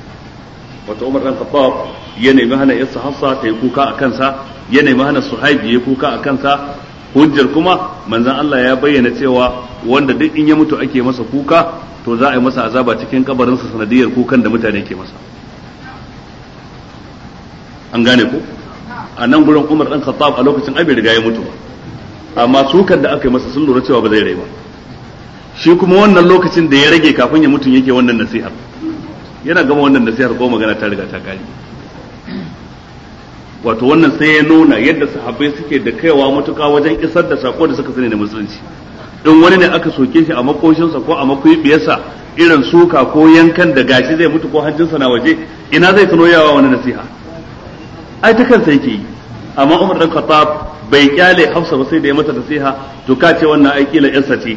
Speaker 1: wato Umar dan Khattab ya nemi hana Isa Hafsa ta yi kuka a kansa ya nemi hana Suhaib ya yi kuka a kansa hujjar kuma manzon Allah ya bayyana cewa wanda duk in ya mutu ake masa kuka to za a yi masa azaba cikin kabarinsa sanadiyar kukan da mutane ke masa an gane ko a nan gurin Umar dan Khattab a lokacin abin riga ya mutu amma sukan da aka yi masa sun lura cewa ba zai rai ba shi kuma wannan lokacin da ya rage kafin ya mutu yake wannan nasihar yana gama wannan nasihar ko magana ta riga ta kare wato wannan sai ya nuna yadda sahabbai suke da kaiwa matuka wajen isar da sako da suka sani da musulunci in wani ne aka soke shi a makoshinsa ko a makwibiyarsa irin suka ko yankan da gashi zai mutu ko hancinsa na waje ina zai tuno yawa wani nasiha ai ta kansa yake yi amma Umar dan Khattab bai kyale Hafsa ba sai da ya mata nasiha to ka ce wannan ai kila yarsa ce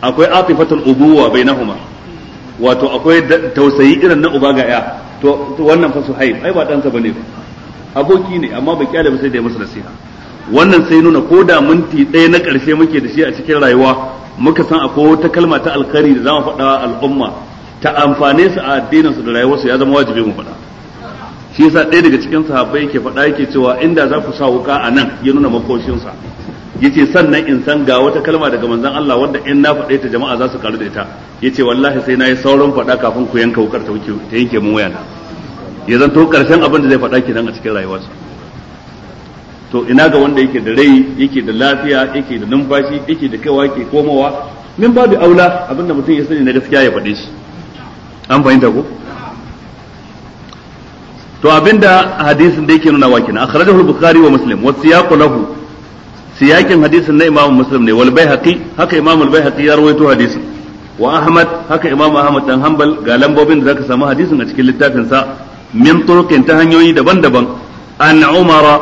Speaker 1: akwai atifatul ubuwa bainahuma wato akwai tausayi irin na uba ga ya to wannan fa Suhaib ai ba dan sa bane aboki ne amma bai kyale ba sai da ya masa nasiha wannan sai nuna ko da minti ɗaya na ƙarshe muke da shi a cikin rayuwa muka san akwai wata kalma ta alkhairi da za mu faɗa al'umma ta amfane su a addinin su da rayuwarsu ya zama wajibi mu faɗa shi yasa ɗaya daga cikin sahabbai yake faɗa yake cewa inda za ku sa wuka a nan ya nuna makoshinsa ya ce sannan in san ga wata kalma daga manzan Allah wanda in na faɗe ta jama'a za su karu da ita ya ce wallahi sai na yi sauran faɗa kafin ku yanka wukar ta ta yanke mun wayana ya zanto karshen abin da zai faɗa nan a cikin rayuwarsa to ina ga wanda yake da rai yake da lafiya yake da numfashi yake da kaiwa yake komowa min babu aula abinda mutum ya sani na gaskiya ya faɗe shi an fahimta ko to abinda hadisin da yake nuna wakin akhrajahu al-bukhari wa muslim wa siyaqu lahu siyakin hadisin na imam muslim ne wal baihaqi haka imam al baihaqi ya rawaito hadisin wa ahmad haka imam ahmad dan hanbal ga lambobin da zaka samu hadisin a cikin littafin sa min turqin ta hanyoyi daban-daban an umara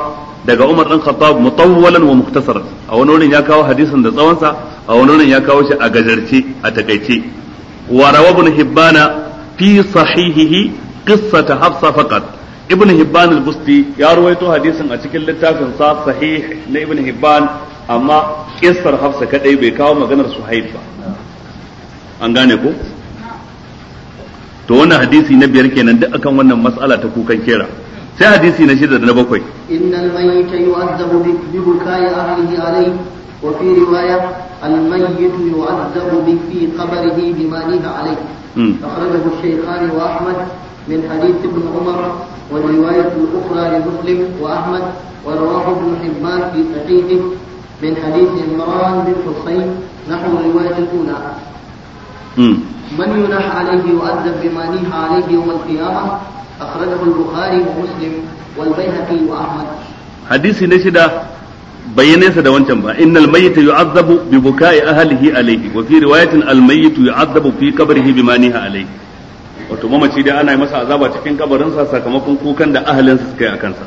Speaker 1: daga umar dan khattab mutawwalan wa mukhtasaran a wani wurin ya kawo hadisin da tsawon sa a wani wurin ya kawo shi a gajarce a takaice wa rawabun hibbana fi sahihihi qissata hafsa faqat ibn hibban al-busti ya ruwaito hadisin a cikin littafin sa sahih na ibn hibban amma kissar hafsa kadai bai kawo maganar suhaib ba an gane ko to wannan hadisi na biyar kenan duk akan wannan mas'ala ta kukan kera sai hadisi na shida da na bakwai
Speaker 2: innal mayyita yu'adzabu bi bukai ahlihi alayhi wa fi riwaya al mayyit yu'adzabu bi fi qabrihi bima niha alayhi hmm. akhrajahu ash-shaykhan wa ahmad min hadith ibn umar والرواية الأخرى لمسلم وأحمد ورواه ابن حبان في صحيحه من حديث عمران بن حصين نحو الرواية الأولى من ينح عليه يؤدب بما نيح عليه يوم القيامة أخرجه البخاري ومسلم والبيهقي وأحمد
Speaker 1: حديث نشدة bayyane sa da wancan ba innal mayyita yu'azzabu bi buka'i ahlihi alayhi wa fi riwayatin al mayyit yu'azzabu fi qabrihi bima niha alayhi wato mamaci dai ana yi masa azaba cikin kabarinsa sakamakon kukan da ahalinsa suka yi a kansa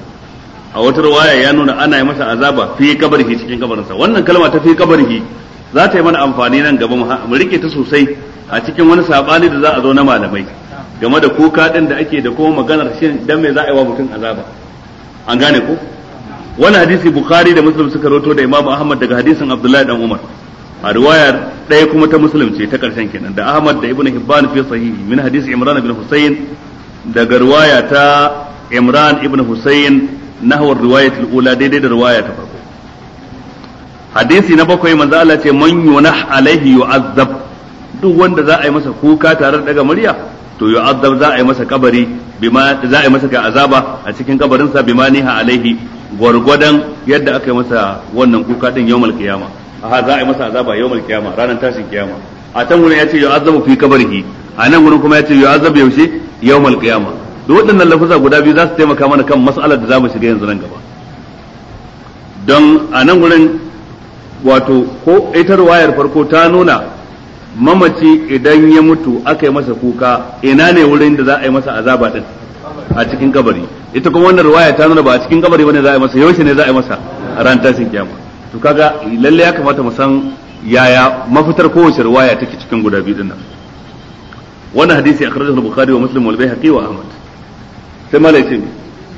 Speaker 1: a wata riwaya ya nuna ana yi masa azaba fi kabarihi cikin kabarinsa wannan kalma ta fi kabarihi za ta yi mana amfani nan gaba mu rike ta sosai a cikin wani sabani da za a zo na malamai game da kuka din da ake da kuma maganar shin dan me za a yi wa mutum azaba an gane ko wani hadisi bukhari da muslim suka roto da imamu ahmad daga hadisin abdullahi dan umar a riwayar ɗaya kuma ta musulunce ce ta ƙarshen kenan da ahmad da ibn hibban fi sahihi min hadisi imran ibn husayn daga riwaya ta imran ibn husayn nahwar riwayatul ula daidai da riwaya ta farko hadisi na bakwai manzo Allah ce man yunah alaihi yu'azzab duk wanda za a yi masa kuka tare da daga murya to yu'azzab za a yi masa kabari bima za a yi masa ga azaba a cikin kabarinsa bima niha alaihi gwargwadon yadda aka yi masa wannan kuka din yawmal qiyamah Aha za a yi masa azaba yawmal kiyama ranar tashin kiyama a can gurin ya ce yau azabu fi kabarihi a nan gurin kuma ya ce yau azabu yaushe yawmal kiyama da waɗannan lafuza guda biyu za su taimaka mana kan mas'alar da za mu shiga yanzu nan gaba don a nan gurin wato ko itar wayar farko ta nuna mamaci idan ya mutu aka yi masa kuka ina ne wurin da za a yi masa azaba din a cikin kabari ita kuma wannan ruwaya ta nuna ba a cikin kabari bane za a yi masa yaushe ne za a yi masa a ran tashin kiyama to kaga lalle ya kamata mu san yaya mafitar kowace riwaya take cikin guda biyu dinnan wannan hadisi akhrajahu al-bukhari wa muslim wal bayhaqi wa ahmad sai malai ce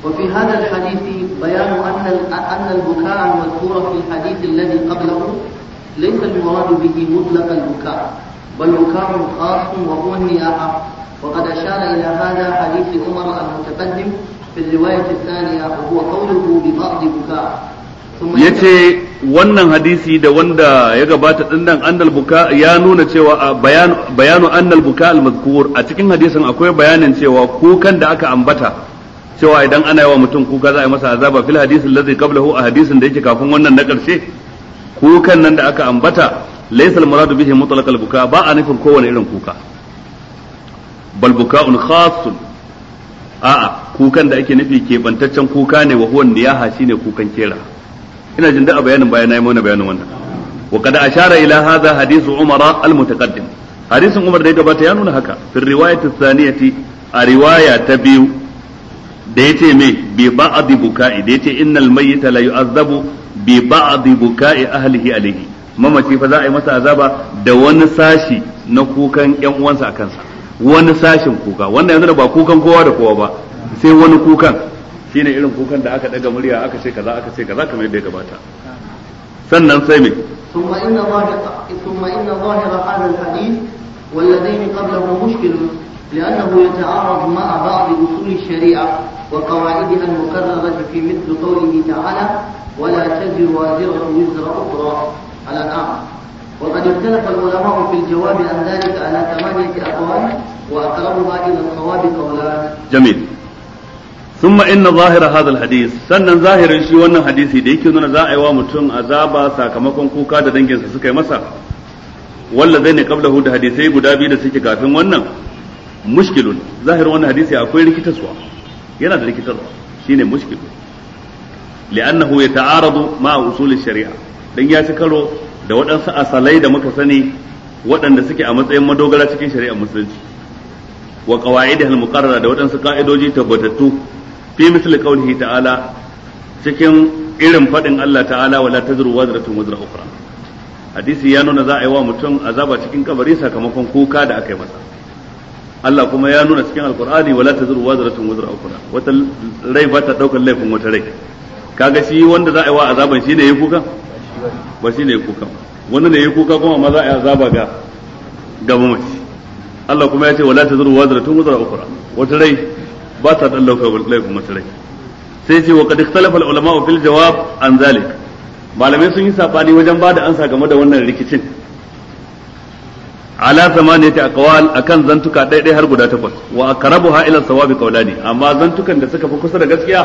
Speaker 2: wa fi hada al-hadisi bayanu anna anna al-bukaa madhkura fi al-hadith alladhi umar al-mutaqaddim fi ya ce
Speaker 1: wannan hadisi da wanda ya gabata dinnan annal buka ya nuna cewa bayanu annal buka al a cikin hadisin akwai bayanin cewa kukan da aka ambata cewa idan ana yawa mutum kuka za a yi masa azaba fil hadisin lazai qablahu a hadisin da yake kafin wannan na karshe kukan nan da aka ambata laysal muradu bihi mutlaq buka ba a nufin kowane irin kuka bal buka'un khassun a'a kukan da ake nufi kebantaccen kuka ne wa huwa niyaha shine kukan kera ina jin da a bayanin bayan yi mauna bayanin wannan wa kad ashara ila hadha hadithu umara al mutaqaddim hadisin umar da ya gabata ya nuna haka fi riwayat thaniyati a riwaya ta biyu da yace me bi ba'd buka'i da yace innal mayyita la yu'azzabu bi ba'd buka'i ahlihi alayhi mamaci fa za a yi masa azaba da wani sashi na kukan yan uwansa a kansa wani sashin kuka wannan yanzu da ba kukan kowa da kowa ba sai wani kukan shine irin kukan da aka daga murya aka ce kaza aka ce kaza kamar yadda ya gabata sannan sai me
Speaker 2: ثم إن ظاهر ثم إن ظاهر هذا الحديث والذين قبله مشكل لأنه يتعارض مع بعض أصول الشريعة وقواعدها المكررة في مثل قوله تعالى ولا تزر وازرة وزر أخرى على الأعمى وقد اختلف العلماء في الجواب عن ذلك على ثمانية أقوال وأقربها إلى الصواب قولان.
Speaker 1: جميل. ثم ان ظاهر هذا الحديث sannan zahirin shi wannan hadisi da yake nuna za a yi wa mutum azaba sakamakon kuka da danginsa suka yi masa walla zai ne qablahu da hadisai guda biyu da suke kafin wannan mushkilun zahirin wannan hadisi akwai rikitarwa yana da rikitarwa shine mushkil li'annahu yata'aradu ma usul shari'a dan ya ci karo da waɗansu asalai da muka sani waɗanda suke a matsayin madogara cikin shari'ar musulunci wa qawaidihal muqarrara da waɗansu ka'idoji tabbatattu fi misli qawlihi ta'ala cikin irin fadin Allah ta'ala wala tazru wazratu wazra ukra hadisi ya nuna za a yi wa mutum azaba cikin kabari sakamakon kuka da aka yi masa Allah kuma ya nuna cikin alqur'ani wala tazru wazratu wazra ukra wata rai ba ta daukar laifin wata rai kaga shi wanda za a yi wa azaban shine yayi kuka ba shine yayi kuka wanda ne yayi kuka kuma ma za a yi azaba ga ga mamaci Allah kuma ya ce wala tazru wazratu wazra ukra wata rai ba sa dan lauka wal laifin masarai sai ce wa qad ikhtalafa al ulama fil jawab an zalik malamai sun yi sabani wajen ba da ansa game da wannan rikicin ala ta aqwal akan zantuka daidai har guda takwas wa aqrabuha ila sawabi qawlani amma zantukan da suka fi kusa da gaskiya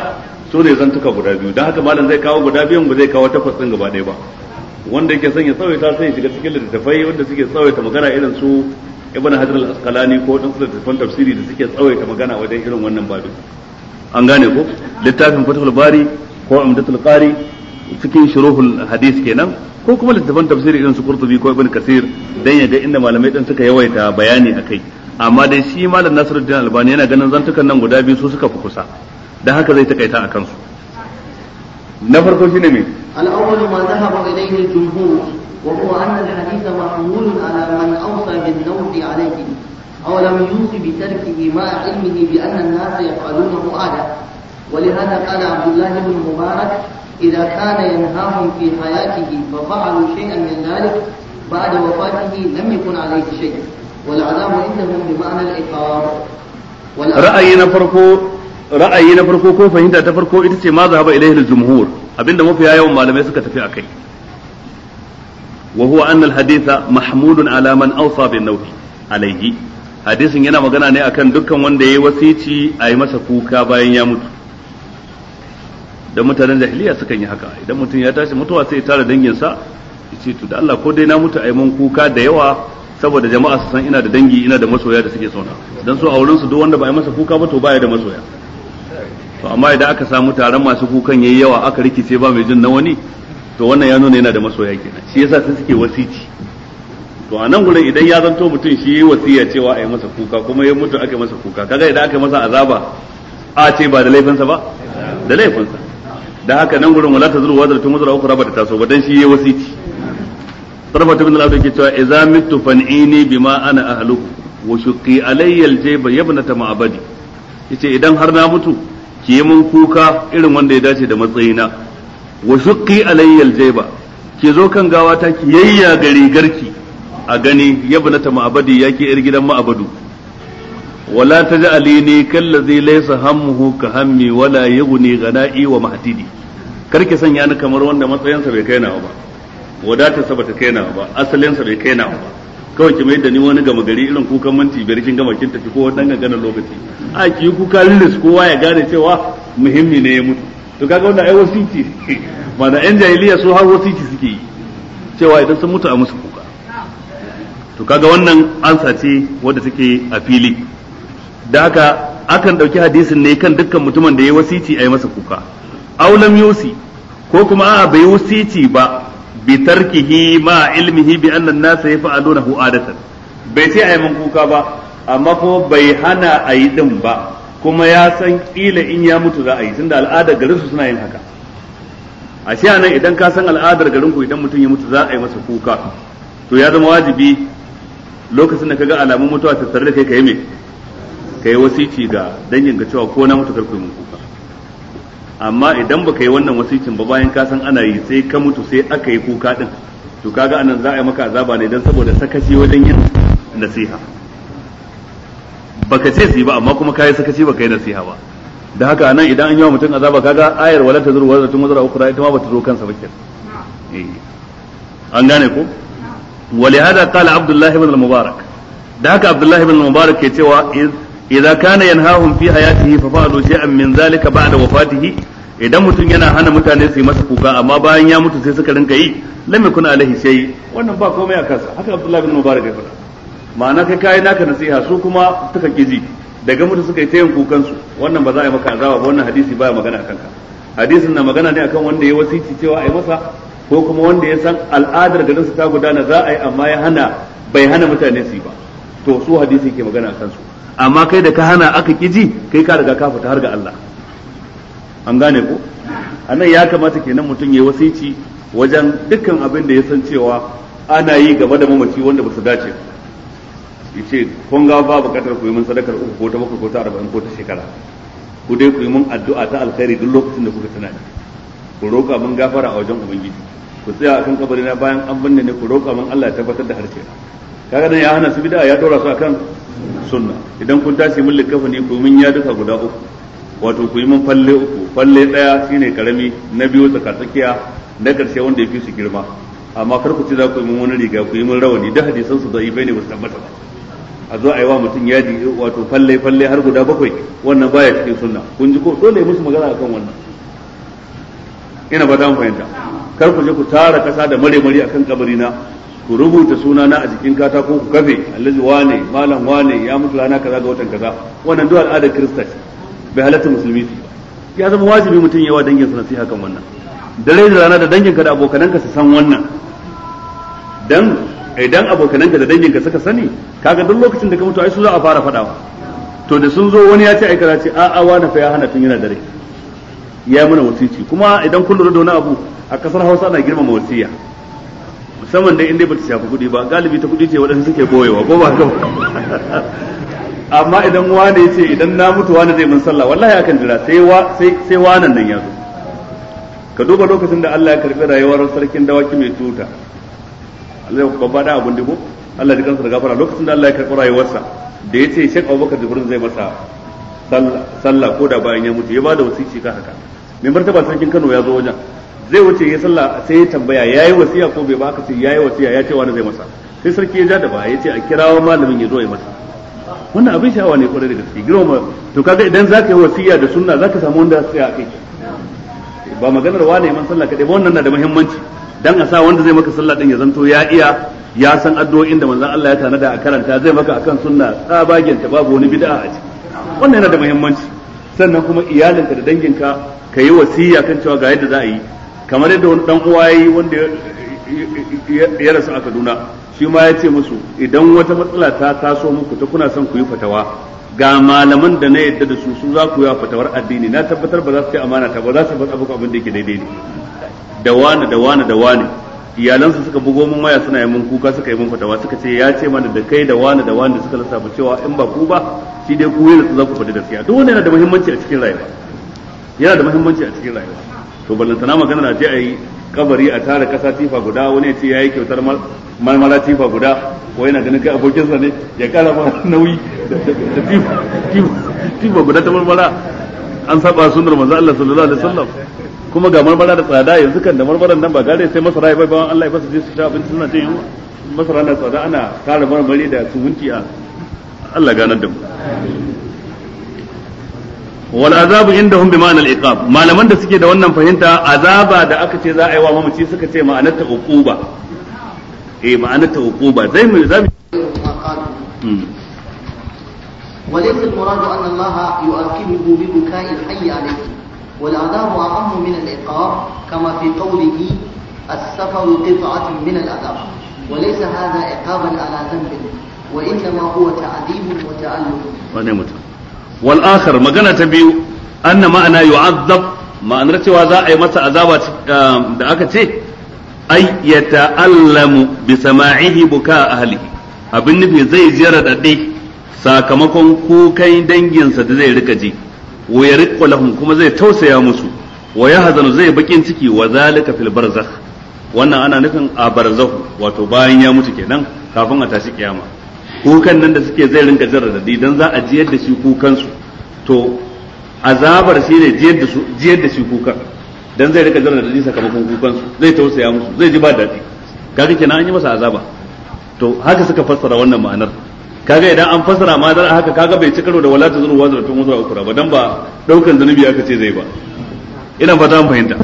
Speaker 1: su ne zantuka guda biyu dan haka malam zai kawo guda biyun ba zai kawo takwas din gaba ɗaya ba wanda yake son ya tsawaita sai ya shiga cikin littattafai wanda suke tsawaita magana irin su ibn hajar al-asqalani ko dan sunan tafsirin tafsiri da suke tsawaita magana wajen irin wannan babu. an gane ko littafin fathul bari ko amdatul qari cikin shuruhul hadith kenan ko kuma littafin tafsiri irin su qurtubi ko ibn kasir dan yaga inda malamai dan suka yawaita bayani akai amma dai shi malam nasiruddin albani yana ganin zantukan nan guda biyu su suka fi kusa dan haka zai takaita akan su na farko shine me
Speaker 2: al-awwal ma dhahaba ilayhi al-jumhur وهو أن الحديث محمول على من أوصى بالنوم عليه أو لم يوص بتركه مع علمه بأن الناس يفعلونه عادة ولهذا قال عبد الله بن مبارك إذا كان ينهاهم في حياته ففعلوا شيئا من ذلك بعد وفاته لم يكن عليه شيء والعذاب عندهم بمعنى العقاب رأينا
Speaker 1: فرقوا ra'ayi na farko ko fahimta ta farko ita ce ma zahaba ilaihi al-jumhur abinda mafiya yawan malamai suka tafi akai wa huwa anna al-haditha mahmudun ala man awsa alayhi hadisin yana magana ne akan dukkan wanda yayi wasici a yi masa kuka bayan ya mutu da mutanen jahiliya sukan yi haka idan mutum ya tashi mutuwa sai ya tara danginsa ya da Allah ko dai na mutu a yi mun kuka da yawa saboda jama'a su san ina da dangi ina da masoya da suke sona dan so a wurin su duk wanda ba a yi masa kuka ba to baya da masoya to amma idan aka samu taron masu kukan ya yi yawa aka rikice ba mai jin na wani to wannan ya nuna yana da masoya kenan shi yasa sai suke wasiti to a nan gurin idan ya zanto mutum shi yi wasiya cewa a yi masa kuka kuma ya mutu aka yi masa kuka kaga idan aka yi masa azaba a ce ba da laifinsa ba da laifinsa da haka nan gurin wala tazuru wazar tun wazar uku raba da taso ba dan shi yi wasiti. sarfa ta bin al-abdu ke cewa idza mitu fan'ini bima ana ahluhu wa shuqi alayya al-jayba yabnata ma'abadi yace idan har na mutu ki yi mun kuka irin wanda ya dace da matsayina wa shuqqi alayya aljayba ki zo kan gawa ta ki yayya gari garki. a gani ya bunata ma'abadi yake yar gidan ma'abadu wala taj'alini kallazi laysa hammuhu ka hammi wala yughni ghana'i wa mahdidi karki sanya ni kamar wanda matsayinsa bai kai nawa ba wadatarsa bata kai nawa ba asalinsa bai kai nawa ba kawai ki mai da ni wani gama gari irin kukan minti biyar kin gama kin tafi ko wani ganin lokaci a ki kuka lillis kowa ya gane cewa muhimmi ne ya mutu to kaga wannan ai wasiti ma'ana yan jahiliya su har wasiti suke yi cewa idan sun mutu a musu kuka to kaga wannan ansa ce wanda take a fili da haka akan dauki hadisin ne kan dukkan mutumin da ya wasiti ai masa kuka aulam yusi ko kuma a'a bai wasiti ba bi tarkihi ma ilmihi bi anna an-nas yaf'alunahu adatan bai sai ai mun kuka ba amma ko bai hana ayi din ba kuma ya san kila in ya mutu za a yi tunda al'adar garin su suna yin haka a shi nan idan ka san al'adar garin ku idan mutum ya mutu za a yi masa kuka to ya zama wajibi lokacin da ka ga alamun mutuwa ta tare da kai kai me kai wasici ga dangin ga cewa ko na mutu karku mun kuka amma idan baka yi wannan wasicin ba bayan ka san ana yi sai ka mutu sai aka yi kuka din to kaga anan za a yi maka azaba ne dan saboda sakaci wajen yin nasiha baka ce su yi ba amma kuma kayi sakaci baka yi nasiha ba da haka nan idan an yi wa mutum azaba kaga ayar wala ta zuru wazatun wazara ukura ita ma bata zo kansa ba eh. an gane ko ولهذا قال عبد الله بن المبارك ذاك عبد الله بن المبارك يتوى إذا كان ينهاهم في حياته ففعلوا شيئا من ذلك بعد wafatihi idan mutum yana hana mutane su yi masa kuka amma bayan ya mutu sai suka rinka yi lam yakun alaihi shay wannan ba komai a kansa haka Abdullah bin Mubarak ya faɗa ma'ana kai kayi naka nasiha su kuma suka kiji daga mutu suka yi ta kukan su wannan ba za a yi maka azaba ba wannan hadisi baya magana akan ka hadisin na magana ne akan wanda ya wasiti cewa a yi masa ko kuma wanda ya san al'adar garin su ta gudana za a yi amma ya hana bai hana mutane su ba to su hadisi ke magana akan su amma kai da ka hana aka kiji kai ka riga ka fita har ga Allah an gane ko anan ya kamata kenan mutum ya wasici wajen dukkan abin da ya san cewa ana yi gaba da mamaci wanda ba su dace ba yace kun ga ba bukatar ku yi mun sadakar uku ko ta bakwai ko ta arba'in ko ta shekara ku dai ku yi mun addu'a ta alkhairi duk lokacin da kuka tana ku roƙa mun gafara a wajen ubangiji ku tsaya a kabari na bayan an binne ne ku roƙa mun Allah ya tabbatar da harshe kaga nan ya hana su bid'a ya dora su akan sunna idan kun tashi mun likafa ne ku mun ya duka guda uku wato ku yi mun falle uku falle daya shine karami na biyu tsakiya na karshe wanda ya fi su girma amma kar ku ci za ku yi mun wani riga ku yi mun rawani da hadisan su da ibai ne ba su tabbata ba a zo a yi wa mutum yadi wato falle falle har guda bakwai wannan baya cikin sunna kun ji ko dole musu magana akan wannan ina ba mu fahimta kar ku je ku tara kasa da mare mare akan kabarina ku rubuta sunana a jikin katako ku kafe allazi wane malam wane ya mutu rana kaza ga watan kaza wannan duk al'adar kirista ce bai halatta musulmi ce ya zama wajibi mutum yawa dangin na nasiha kan wannan dare da rana da dangin ka da abokanan ka su san wannan dan idan abokananka da danginka suka sani kaga duk lokacin da ka mutu ai su za a fara fadawa to da sun zo wani ya ce ai kaza ce a a wani fa ya hana tun yana dare ya mana wasici kuma idan kun lura da wani abu a kasar Hausa ana girmama wasiya musamman dai inda ba ta shafi kuɗi ba galibi ta kuɗi ce waɗanda suke boyewa ko ba ka? amma idan wani ya ce idan na mutu wani zai mun sallah wallahi akan jira sai sai sai wani nan ya zo ka duba lokacin da Allah ya karbi rayuwar sarkin dawaki mai tuta Allah ya babba da abun dubu Allah ya jikansa da gafara lokacin da Allah ya karɓi rayuwarsa da ya ce Sheikh Abubakar Jibrin zai masa sallah ko da bayan ya mutu ya bada wasici ka haka mai martaba sarkin Kano ya zo wajen zai wuce ya sallah sai ya tambaya yayi wasiya ko bai ba ka ce yayi wasiya ya ce wani zai masa sai sarki ya ja da baya ya ce a kirawo malamin ya zo ya masa wannan abin sha'awa ne kwarai da gaske girma to kaga idan zaka yi wasiya da sunna zaka samu wanda zai su tsaya a kai ba maganar wane man sallah kadai ba wannan na da muhimmanci dan a sa wanda zai maka sallah din ya zanto ya iya ya san addu'o'in da manzon Allah ya tanada a karanta zai maka akan sunna tsabagen ta babu wani bid'a a ciki wannan yana da muhimmanci sannan kuma iyalinka da danginka ka yi wasiya kan cewa ga yadda za a yi kamar yadda wani dan uwa yayi wanda ya rasu a Kaduna shi ma ya ce musu idan wata matsala ta taso muku ta kuna son ku yi fatawa ga malaman da na yadda da su su za ku yi fatawar addini na tabbatar ba za su ce amana ta ba za su bar abubuwan abin da yake daidai ne da wani da wani da wani iyalansu suka bugo mun waya suna yi mun kuka suka yi mun fatawa suka ce ya ce mana da kai da wani da wani suka mu cewa in ba ku ba shi dai ku yi za ku faɗi gaskiya duk wanda yana da muhimmanci a cikin rayuwa yana da muhimmanci a cikin rayuwa to ballantana magana na je a yi kabari a tara kasa tifa guda wani ya ce ya yi kyautar malmala tifa guda ko yana ganin kai abokinsa ne ya kara ma nauyi da tifa guda ta malmala an saba sunar manzo Allah sallallahu alaihi wasallam kuma ga marmara da tsada yanzu kan da marmaran nan ba gare sai masara ya bai bawan Allah ya fasa je su sha abinci suna cin masara na tsada ana tara marmari da sumunci a Allah ganar da mu wal azabu indahum bi ma'anal iqab malaman da suke da wannan fahimta azaba da aka ce za a yi wa mamaci suka ce ma'anar ta uquba eh ma'anar ta uquba zai mu zamu
Speaker 2: وليس المراد أن الله يؤكله ببكاء الحي عليه والعذاب أعم من العقاب كما في قوله السفر قطعة من العذاب وليس هذا عقابا على ذنب وإنما هو تعذيب وتألم
Speaker 1: والآخر مجانا تبيو أن معنى يعذب ma'anar cewa za a yi masa azaba da aka ce ai ya ta'allamu bi sama'ihi buka ahli abin nufi zai ji radade sakamakon kukan danginsa da zai rika ji wa riƙo lahum kuma zai tausaya musu wa yahzanu zai bakin ciki wa zalika fil barzakh wannan ana nufin a barzakh wato bayan ya mutu kenan kafin a tashi kiyama kukan nan da suke zai rinka jin radadi dan za a jiyar da shi kukan su to azabar shi ne jiyar da su jiyar da shi kukan dan zai rinka jin radadi sakamakon kukan su zai tausaya musu zai ji ba dadi kaga kenan an yi masa azaba to haka suka fassara wannan ma'anar kaga idan an fasara ma dan haka kaga bai ci karo da wala zuru wa zaratun wazra ukura ba dan ba daukan zanubi aka ce zai ba ina fata an fahimta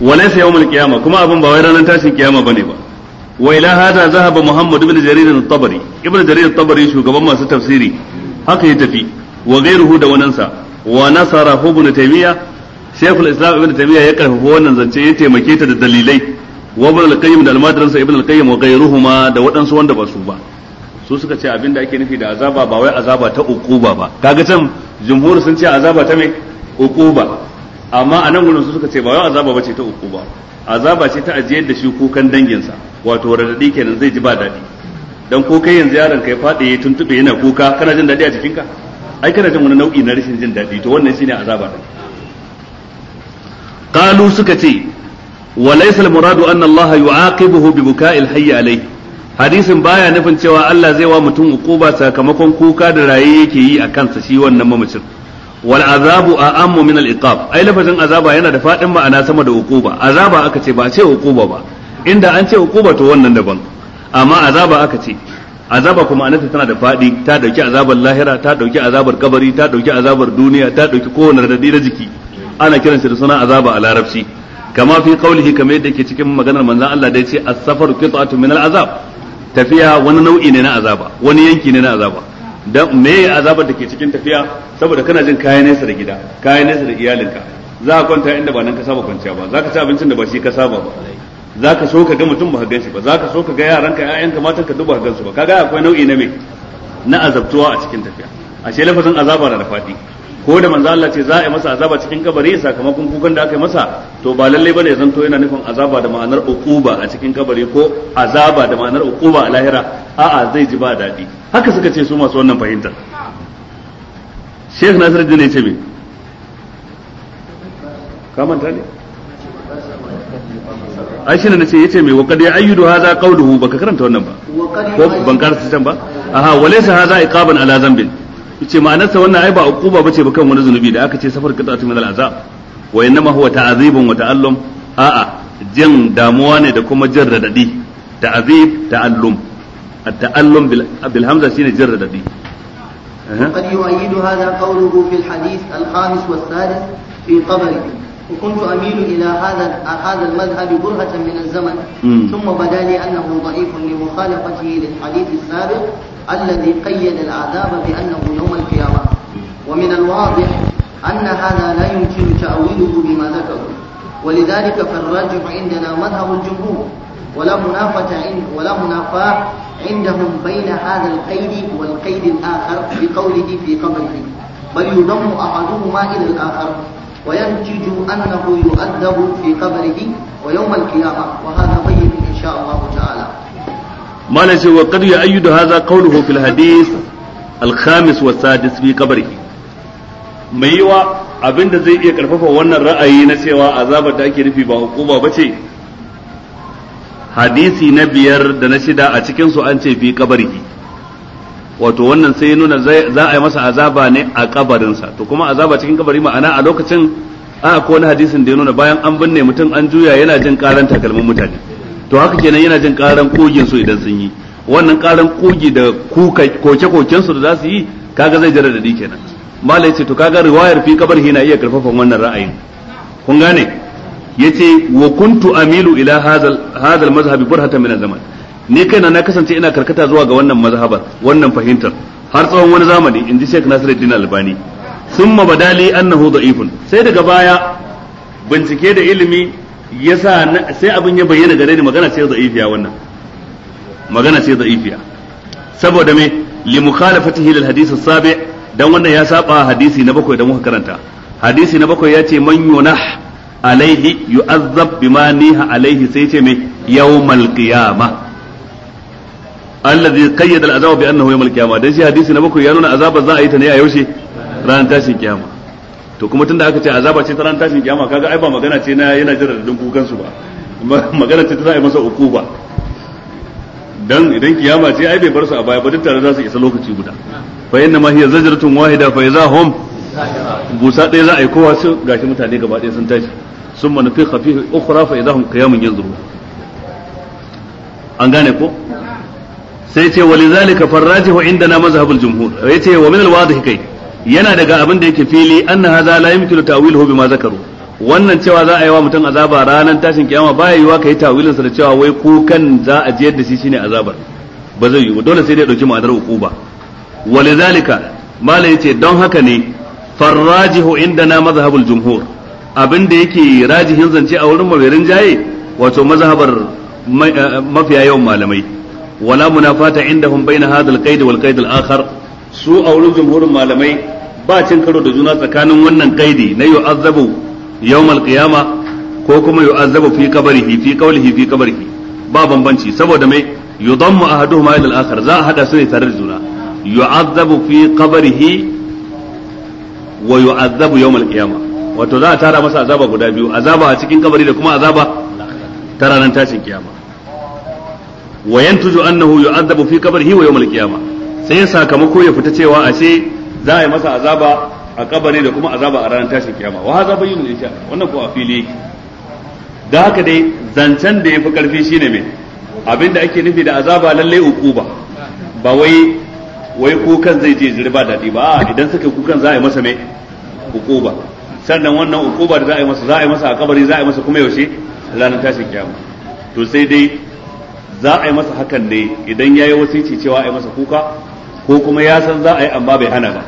Speaker 1: walaysa yawmul qiyamah kuma abin ba wai ranar tashin kiyama bane ba wa ila hada zahaba muhammad ibn jarir al tabari ibn jarir al tabari shugaban masu tafsiri haka ya tafi wa ghayruhu da wanansa wa nasara ibn taymiya shaykhul islam ibn taymiya ya karfafa wannan zance ya taimake ta da dalilai wa ibn al-qayyim da al-madrasa ibn al-qayyim wa ghayruhuma da wadansu wanda ba su ba su suka ce abinda ake nufi da azaba ba wai azaba ta uquba ba kaga can jumhur sun ce azaba ta me uquba amma a nan gurin su suka ce ba wai azaba bace ta uquba azaba ce ta ajiye da shi kukan danginsa wato radadi kenan zai ji ba daɗi dan ko kai yanzu yaron kai faɗi ya tuntube yana kuka kana jin daɗi a jikinka ai kana jin wani nau'i na rashin jin daɗi to wannan shine azaba din qalu suka ce walaysa laysa al-muradu anna Allah yu'aqibuhu bi buka'il hayy alayhi hadisin baya nufin cewa Allah zai wa mutum ukuba sakamakon kuka da raye yake yi a kansa shi wannan mamacin wal azabu ammu min al iqab ai lafazin azaba yana da fadin ma'ana sama da ukuba azaba aka ce ba a ce ukuba ba inda an ce ukuba to wannan daban amma azaba aka ce azaba kuma anata tana da fadi ta dauki azabar lahira ta dauki azabar kabari ta dauki azabar duniya ta dauki kowane radadi na jiki ana kiran shi da suna azaba a larabci kama fi qaulihi kamar yadda yake cikin maganar manzon Allah da yace as-safaru qit'atun min al-azab tafiya wani nau'i ne na azaba wani yanki ne na azaba dan me azabar da ke cikin tafiya saboda kana jin kayan nesa da gida kayan nesa da iyalinka za ka kwanta inda ba nan ka saba kwanciya ba za ka ci abincin da ba shi ka saba ba za ka so ka ga mutum ba ka shi ba za ka so ka ga yaranka ƴaƴanka matan ka duba ka su ba kaga akwai nau'i na me na azabtuwa a cikin tafiya ashe lafazin azaba na da fadi ko da manzo Allah ce za a yi masa azaba cikin kabari sakamakon kukan da aka yi masa to ba lalle bane ya zanto yana nufin azaba da ma'anar uquba a cikin kabari ko azaba da ma'anar uquba a lahira a'a zai ji ba daɗi haka suka ce su masu wannan fahimtar Sheikh Nasiruddin ya ce me ka manta ne ai shine nace yace me wa kad ya ayyudu hadha qawluhu baka karanta wannan ba ko ban karanta can ba aha walaysa hadha iqaban ala zambin yace ma'anarsa wannan ai ba uquba bace ba kan wani zunubi da aka ce safar qita'atu min al'azab wa innama huwa ta'azibun wa ta'allum a'a jin damuwa ne da kuma jin radadi ta'azib ta'allum at-ta'allum bil hamza shine jin radadi وقد
Speaker 2: يؤيد هذا قوله في الحديث الخامس والسادس في طبري وكنت أميل إلى هذا هذا المذهب برهة من الزمن ثم بدا لي أنه ضعيف لمخالفته للحديث السابق الذي قيد العذاب بأنه يوم القيامة ومن الواضح أن هذا لا يمكن تأويله بما ذكر ولذلك فالراجع عندنا مذهب الجمهور ولا منافة عند ولا منافاة عندهم بين هذا القيد والقيد الآخر بقوله في قبره بل يضم أحدهما إلى الآخر وينتج أنه يؤدب في قبره ويوم القيامة وهذا بين إن شاء الله تعالى
Speaker 1: malam ce wa ya ya'yudu hadha qawluhu fil hadith al-khamis wa sadis fi mai yiwa abinda zai iya karfafa wannan ra'ayi na cewa azabar da ake rufi ba hukuma ce? hadisi na biyar da na shida a cikin su an ce fi kabari. wato wannan sai ya nuna za a yi masa azaba ne a kabarinsa to kuma azaba cikin kabari ma'ana a lokacin a ko hadisin da ya nuna bayan an binne mutum an juya yana jin karan takalmin mutane to haka kenan yana jin karan kogin su idan sun yi wannan karan kogi da kuka koke koken su da za su yi kaga zai jira da di kenan malai ce to kaga riwayar fi kabar hina iya karfafan wannan ra'ayin kun gane yace wa kuntu amilu ila hadal hadal mazhabi burhatan min zaman ni kaina na kasance ina karkata zuwa ga wannan mazhabar wannan fahimtar har tsawon wani zamani in ji Sheikh Nasiruddin Albani summa badali annahu da'ifun sai daga baya bincike da ilimi yasa sai abin ya bayyana gare ni magana ce da'ifiya wannan magana ce da'ifiya saboda me li mukhalafatihi lil hadith as-sabi dan wannan ya saba hadisi na bakwai da muka karanta hadisi na bakwai yace man yunah alaihi yu'azzab bima niha alaihi sai ce me yawmal qiyamah alladhi qayyada al azaba bi annahu yawmal qiyamah dan shi hadisi na bakwai ya nuna azaba za a yi ta ne a yaushe ranar tashin kiyama to kuma tunda aka ce azaba ce ta ran tashin kiyama kaga ai ba magana ce na yana jira da kukan su ba magana ce ta za a yi masa uku ba dan idan kiyama ce ai bai bar su a baya ba duk tare za su isa lokaci guda fa inna ma hiya zajratun wahida fa idza hum busa ɗaya za a yi kowa su gashi mutane gaba ɗaya sun tashi sun manufi khafi ukhra fa idza hum qiyamun yanzuru an gane ko sai ce walizalika farrajihu indana mazhabul jumhur ce wa min alwadhi kai yana daga abin da yake fili anna hadha la yumkinu ta'wiluhu bima zakaru wannan cewa za a yi wa mutum azaba ranar tashin kiyama wa yiwa yi tawilinsa da cewa wai kukan za a jiyar da shi shine azabar ba zai yiwu dole sai dai dauki ma'anar wale-zalika mala yace don haka ne farrajihu indana mazhabul jumhur abin da yake rajihin zance a wurin mabirin jaye wato mazhabar eh, mafiya yawan malamai wala munafata indahum baina hadha alqaid wal qaid al akhar su a wurin jumhurin malamai ba cin karo da juna tsakanin wannan kaidi na yu'azzabu yawmal qiyama ko kuma yu'azzabu fi qabrihi fi qawlihi fi qabrihi ba bambanci saboda mai yudammu a haduhu al-akhar za a hada su ne tare da juna yu'azzabu fi qabrihi wa yu'azzabu yawmal qiyama wato za a tara masa azaba guda biyu azaba a cikin kabari da kuma azaba ta ranar tashin kiyama wa yantuju annahu yu'azzabu fi kabarihi wa yawmal qiyama sai sakamako ya fita cewa ashe za a yi masa azaba a kabari da kuma azaba a ranar tashin kiyama wa haza bayyana sha wannan ko a fili yake da haka dai zancen da yafi karfi shine me abinda ake nufi da azaba lalle ukuba ba wai wai kukan zai je jirba dadi ba a idan suka kukan za a yi masa me ukuba sannan wannan ukuba da za a yi masa za a yi masa a kabari za a yi masa kuma yaushe ranar tashin kiyama to sai dai za a yi masa hakan ne idan ya yi wasici cewa a yi masa kuka ko kuma ya san za a yi amma bai hana ba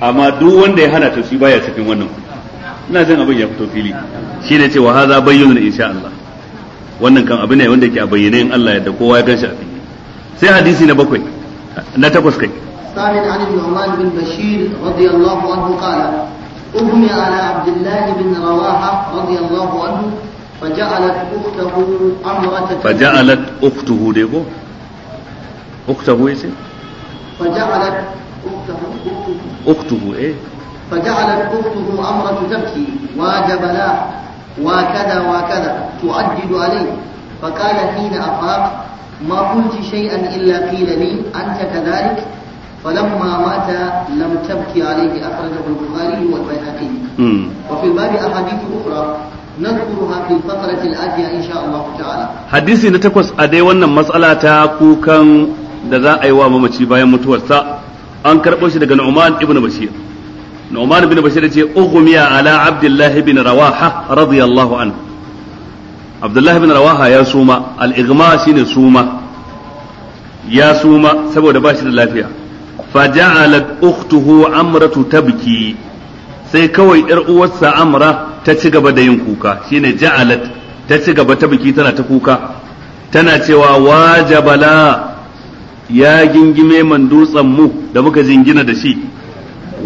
Speaker 1: amma duk wanda ya hana to shi baya cikin wannan ina jin abin ya fito fili shi ne cewa haza bayyana insha Allah wannan kan abu ne wanda yake a bayyane in Allah yadda kowa ya ganshi a fili sai hadisi na bakwai na takwas kai
Speaker 2: ثابت عن النعمان umar bin bashir radiyallahu anhu qala ummi ala abdullah bin rawaha radiyallahu anhu الله عنه فجعلت أخته أمرة فجعلت
Speaker 1: أخته ديبو أخته يسير
Speaker 2: فجعلت أخته
Speaker 1: أخته إيه
Speaker 2: فجعلت أخته أمرة تبكي واجب لا وكذا وكذا تؤدد عليه فقال حين أفاق ما قلت شيئا إلا قيل لي أنت كذلك فلما مات لم تبكي عليه أخرجه البخاري والبيهقي وفي الباب أحاديث أخرى نذكرها في الفقرة الآتية إن شاء الله تعالى
Speaker 1: حديثي نتكوس أدي wannan matsala ta kukan da za a yi wa mamaci bayan mutuwarsa an karɓo shi daga Nu'man ibn Bashir Nu'man ibn Bashir ce ughmiya ala Abdullah ibn Rawaha radiyallahu anhu Abdullah ibn Rawaha ya suma al-ighma shine suma ya suma saboda ba shi da lafiya faja'alat ukhtuhu amratu tabki sai kawai yar uwarsa amra ta ci gaba da yin kuka shine ja'alat ta ci gaba ta biki tana ta kuka tana cewa wajabala ya gingime man dutsen mu da muka jingina da shi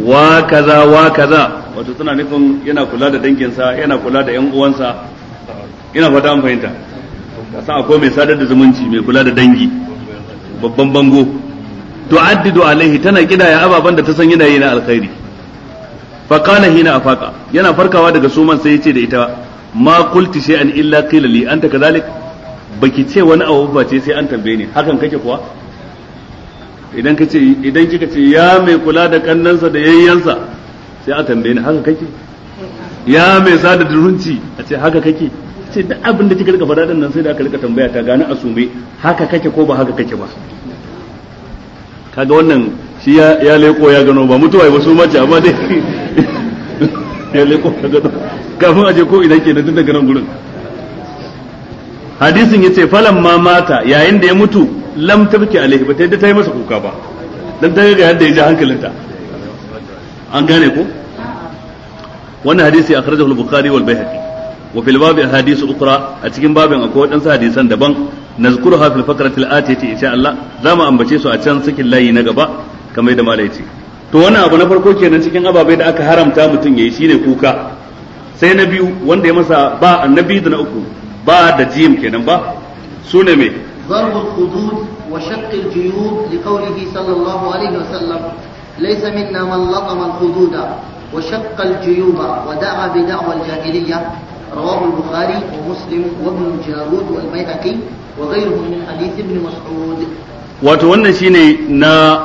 Speaker 1: wa kaza wa kaza wato tana nufin yana kula da danginsa yana kula da yan uwansa ina fata an fahimta kasa akwai mai sadar da zumunci mai kula da dangi babban bango To tu'addidu alaihi tana kidaya ababan da ta san yana yi na alkhairi fa qala hina afaqa yana farkawa daga suman sai yace da ita ma qulti shay'an illa qila li anta kadhalik baki ce wani abu ba ce sai an tambaye ni hakan kake kuwa idan kace idan kika ce ya mai kula da kannansa da yayyansa sai a tambaye ni haka kake ya mai sada durunci a ce haka kake ce duk abin da kika rika faɗa din nan sai da aka rika tambaya ta gani a sume haka kake ko ba haka kake ba kaga wannan shi ya leko ya gano ba mutuwa ba su mace amma dai ya leko ya gano kafin aje ko idan kenan tun daga nan gurin hadisin yace falan ma mata yayin da ya mutu lam tabki alaihi ba ta yadda ta yi masa kuka ba dan ta ga yadda ya ji hankalinta an gane ko wannan hadisi akhrajahu al-bukhari wal baihaqi wa fil babi ahadith ukhra a cikin babin akwai wadansu hadisan daban nazkuruha fil faqrati al-atiyati insha Allah za mu ambace su a can cikin layi na gaba kamar da malai ce to wani abu na farko kenan cikin ababai da aka haramta mutum yayi shine kuka sai na biyu wanda ya masa ba annabi da na uku ba da jim kenan ba su ne me
Speaker 2: ضرب الخدود وشق الجيود لقوله صلى الله عليه وسلم ليس منا من لطم الخدود وشق الجيوب ودعا بدعوى الجاهلية رواه البخاري ومسلم وابن جارود والبيهقي وغيرهم من حديث ابن مسعود
Speaker 1: wato wannan shine na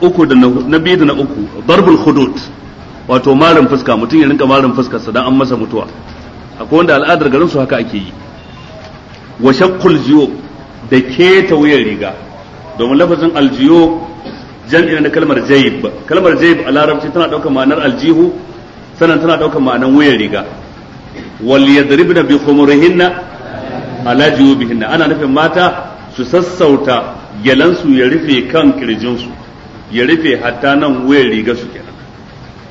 Speaker 1: uku da na biyu da na uku darbul hudud wato malam fuska mutum ya rinka malam fuskar sa dan an masa mutuwa akwai wanda al'adar garin su haka ake yi wa shaqqul jiyub da keta wuyan riga domin lafazin aljiyo jam'i na kalmar jayib kalmar jayib a larabci tana daukar ma'anar aljihu sannan tana daukar ma'anar wuyan riga wal yadribna bi khumurihinna ala juyubihinna ana nufin mata su sassauta su ya rufe kan su ya rufe hatta nan wuyan riga su kenan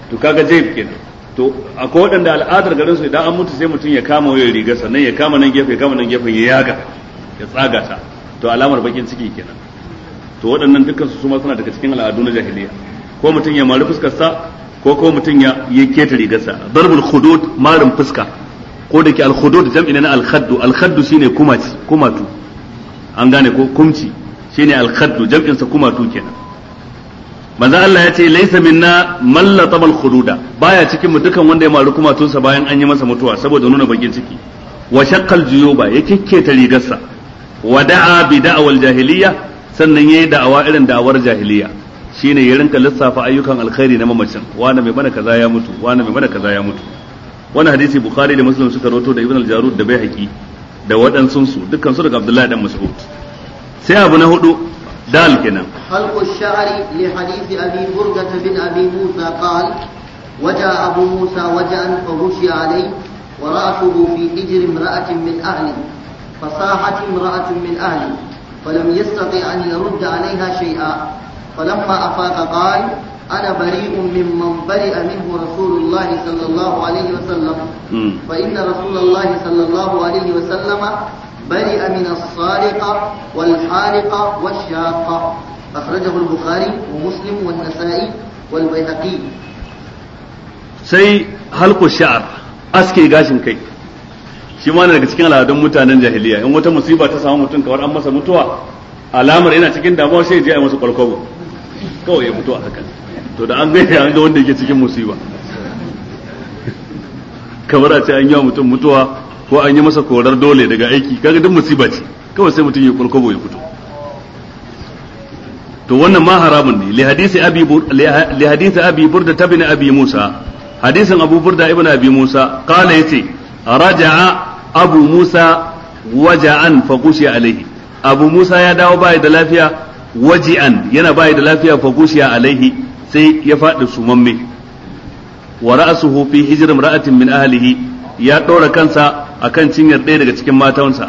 Speaker 1: to kaga jayib kenan to akwai waɗanda al'adar garin su idan an mutu sai mutum ya kama wuyan riga sannan ya kama nan gefe ya kama nan gefe ya yaga ya tsaga ta to alamar bakin ciki kenan to waɗannan dukkan su ma suna daga cikin al'adu na jahiliya ko mutum ya mari fuskar sa ko ko mutum ya ya keta rigar sa darbul khudud marin fuska ko da ke al khudud jam'i na al khaddu al khaddu shine kumaci kumatu an gane ko kumci shine al khaddu jam'in sa kumatu kenan manzo Allah ya ce laisa minna mallata bal khududa baya cikin mu dukan wanda ya mari kumatunsa bayan an yi masa mutuwa saboda nuna bakin ciki wa shaqqal juyuba ya keta rigar sa wada'a bi da'awal jahiliya sannan yayi da'awa irin da'awar jahiliya shine ya rinka lissafa ayyukan alkhairi na mamacin wani mai mana kaza ya mutu wani mai mana kaza ya mutu Wani hadisi bukhari da muslim suka roto da ibn al-jarud da baihaqi da waɗansu su dukkan su daga abdullahi dan mas'ud sai abu na hudu dal kenan
Speaker 2: halqu ash-sha'ri li hadisi abi burdah bin abi musa qala وجاء أبو موسى وجأا فغشي عليه ورأسه في حجر امرأة من أهله فصاحت امرأة من أهلي فلم يستطع أن يرد عليها شيئا فلما أفاق قال أنا بريء ممن برئ منه رسول الله صلى الله عليه وسلم فإن رسول الله صلى الله عليه وسلم برئ من الصارقة والحارقة والشاقة أخرجه البخاري ومسلم والنسائي والبيهقي
Speaker 1: سي حلق الشعر أسكي قاشم كي shi ma daga cikin al'adun mutanen jahiliya in wata musiba ta samu mutum kawar an masa mutuwa alamar yana cikin damuwa sai je a masa kwalkwabo kawai ya mutu a hakan to da an gaya an ga wanda yake cikin musiba kamar a ce an yi wa mutum mutuwa ko an yi masa korar dole daga aiki kaga duk musiba ce kawai sai mutum ya kwalkwabo ya fito to wannan ma haramun ne li hadisi abi li hadisi abi burda abi musa hadisin abu burda ibn abi musa qala yace raja'a abu musa waja'an fa kushiya alaihi abu musa ya dawo baya da lafiya waji'an yana baya da lafiya fa kushiya alaihi sai ya faɗi sumamme wa ra'suhu fi hijr ra'atin min ahlihi ya ɗora kansa akan cinyar ɗaya daga cikin matansa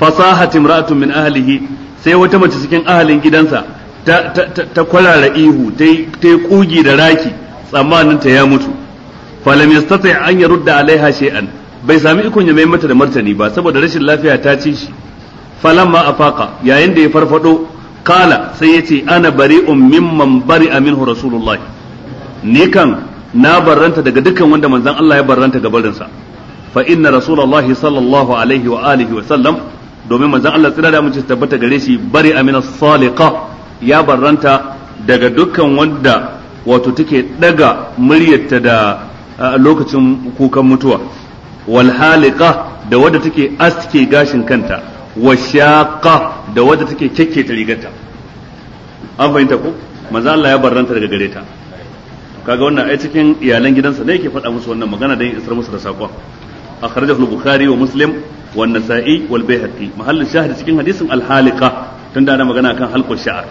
Speaker 1: fasahat imra'atun min ahlihi sai wata mace cikin ahalin gidansa ta ta kwarara ihu ta yi kugi da raki tsammanin ta ya mutu falam yastati an yarudda alaiha shay'an bai sami ikon ya mai mata da martani ba saboda rashin lafiya ta ci shi falamma afaqa yayin da ya farfado kala sai ya ce ana bari'un mimman bari Aminu rasulullah ni kan na barranta daga dukkan wanda manzon Allah ya barranta ga sa fa inna rasulullah sallallahu alaihi wa alihi wa sallam domin manzon Allah tsira da mu tabbata gare shi bari Amina as-saliqa ya barranta daga dukkan wanda wato take daga muryarta da lokacin kukan mutuwa walhalika da wadda take aske gashin kanta wa shaqa da wadda take kekketa rigarta an fahimta ku maza Allah ya barranta daga gare ta kaga wannan ai cikin iyalan gidansa ne yake faɗa musu wannan magana dan isar musu da sakon akhrajahu al-bukhari wa muslim wa an-nasa'i wal bayhaqi mahallin shahid cikin hadisin al tun da ana magana kan halqul sha'r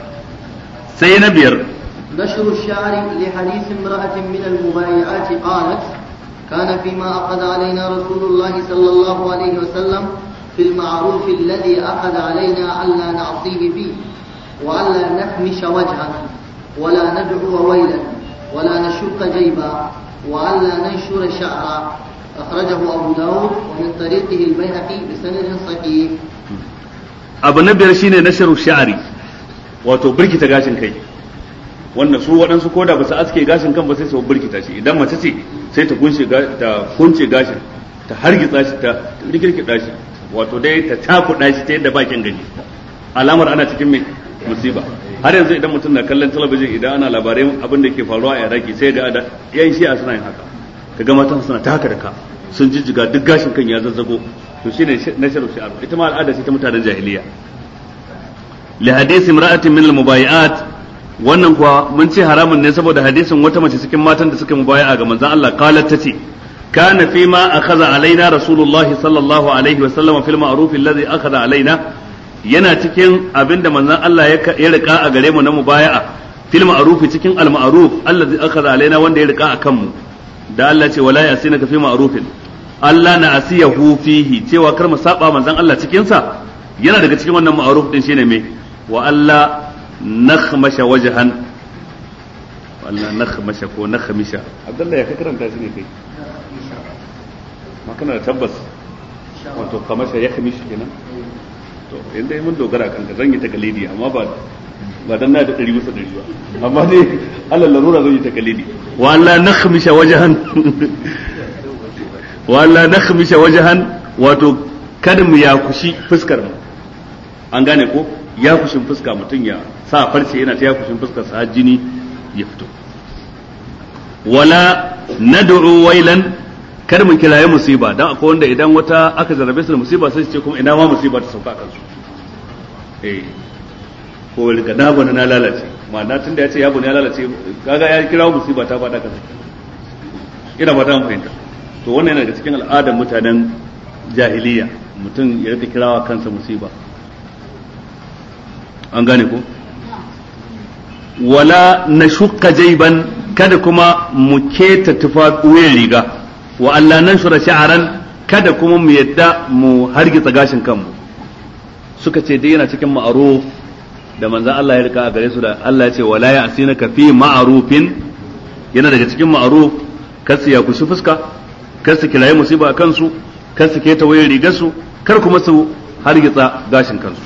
Speaker 1: sai
Speaker 2: na biyar نشر الشعر لحديث امرأة من المبايعات قالت كان فيما أخذ علينا رسول الله صلى الله عليه وسلم في المعروف الذي أخذ علينا ألا نعصيه فيه وألا نكمش وجها ولا ندعو ويلا ولا نشق جيبا وألا ننشر شعرا أخرجه أبو داود ومن طريقه البيهقي بسند صحيح
Speaker 1: abu na biyar shine nasharu sha'ari wato birkita gashin kai wannan su waɗansu koda ba su aske gashin kan ba sai su birkita shi idan mace ce sai ta kunce ta kunce gashin ta hargitsa shi ta rikirkida shi wato dai ta takuda shi ta yadda ba kin gani alamar ana cikin mai musiba har yanzu idan mutum na kallon talabijin idan ana labarai abin da ke faruwa a iraki sai ga yan shi'a suna yin haka ka ga matan suna ta haka da ka sun jijjiga duk gashin kan ya zazzago to shine na sharu ita ma al'ada ce ta mutanen jahiliya li hadisi imra'atin min al-mubayi'at wannan kuwa mun ce haramun ne saboda hadisin wata mace cikin matan da suka mubaya'a ga manzon Allah qalat tace kana fi ma akhadha alaina rasulullah sallallahu alaihi wa wasallam fil ma'ruf alladhi akhadha alaina yana cikin abinda manzon Allah ya rika a gare mu na mubaya'a fil ma'ruf cikin al ma'ruf alladhi akhadha alaina wanda ya rika a kanmu da Allah ce wala yasinaka fi ma'rufin Allah na asiyahu fihi cewa kar mu saba manzon Allah cikin sa yana daga cikin wannan ma'ruf din shine me wa Allah nakhmasha wajhan wannan nakhmasha ko nakhmisha abdullahi ya ka karanta shi ne kai ma kana da tabbas wato kamasha ya kamishi kenan to yanzu mun dogara kan ka zan yi takalidi amma ba ba dan na da dari bisa dari ba amma dai Allah larura zan yi takalidi wa Allah nakhmisha wajhan wa Allah nakhmisha wajhan wato kada mu yakushi fuskar mu an gane ko ya kushin fuska mutum ya sa farce yana ta ya kushin fuska sa jini ya fito wala nad'u wailan kar mu kiraye musiba dan akwai wanda idan wata aka zarabe su da musiba sai su ce kuma ina ma musiba ta sauka kansu eh ko riga na bana na lalace ma'ana tunda ya ce ya bana ya lalace kaga ya kira musiba ta fada kansa ina ba ta fahimta to wannan yana daga cikin al'adar mutanen jahiliya mutum ya rika kirawa kansa musiba an gane ko wala na shukka jaiban kada kuma mu keta tufa wuyan riga wa Allah nan shura sha'aran kada kuma mu yadda mu hargitsa gashin kanmu suka ce dai yana cikin ma'aruf da manzan Allah ya rika a gare su da Allah ya ce wala ya asina ka fi ma'arufin yana daga cikin ma'aruf kasu ya kushi fuska kasu kirayi musiba a kansu kasu keta wuyan su kar kuma su hargitsa gashin kansu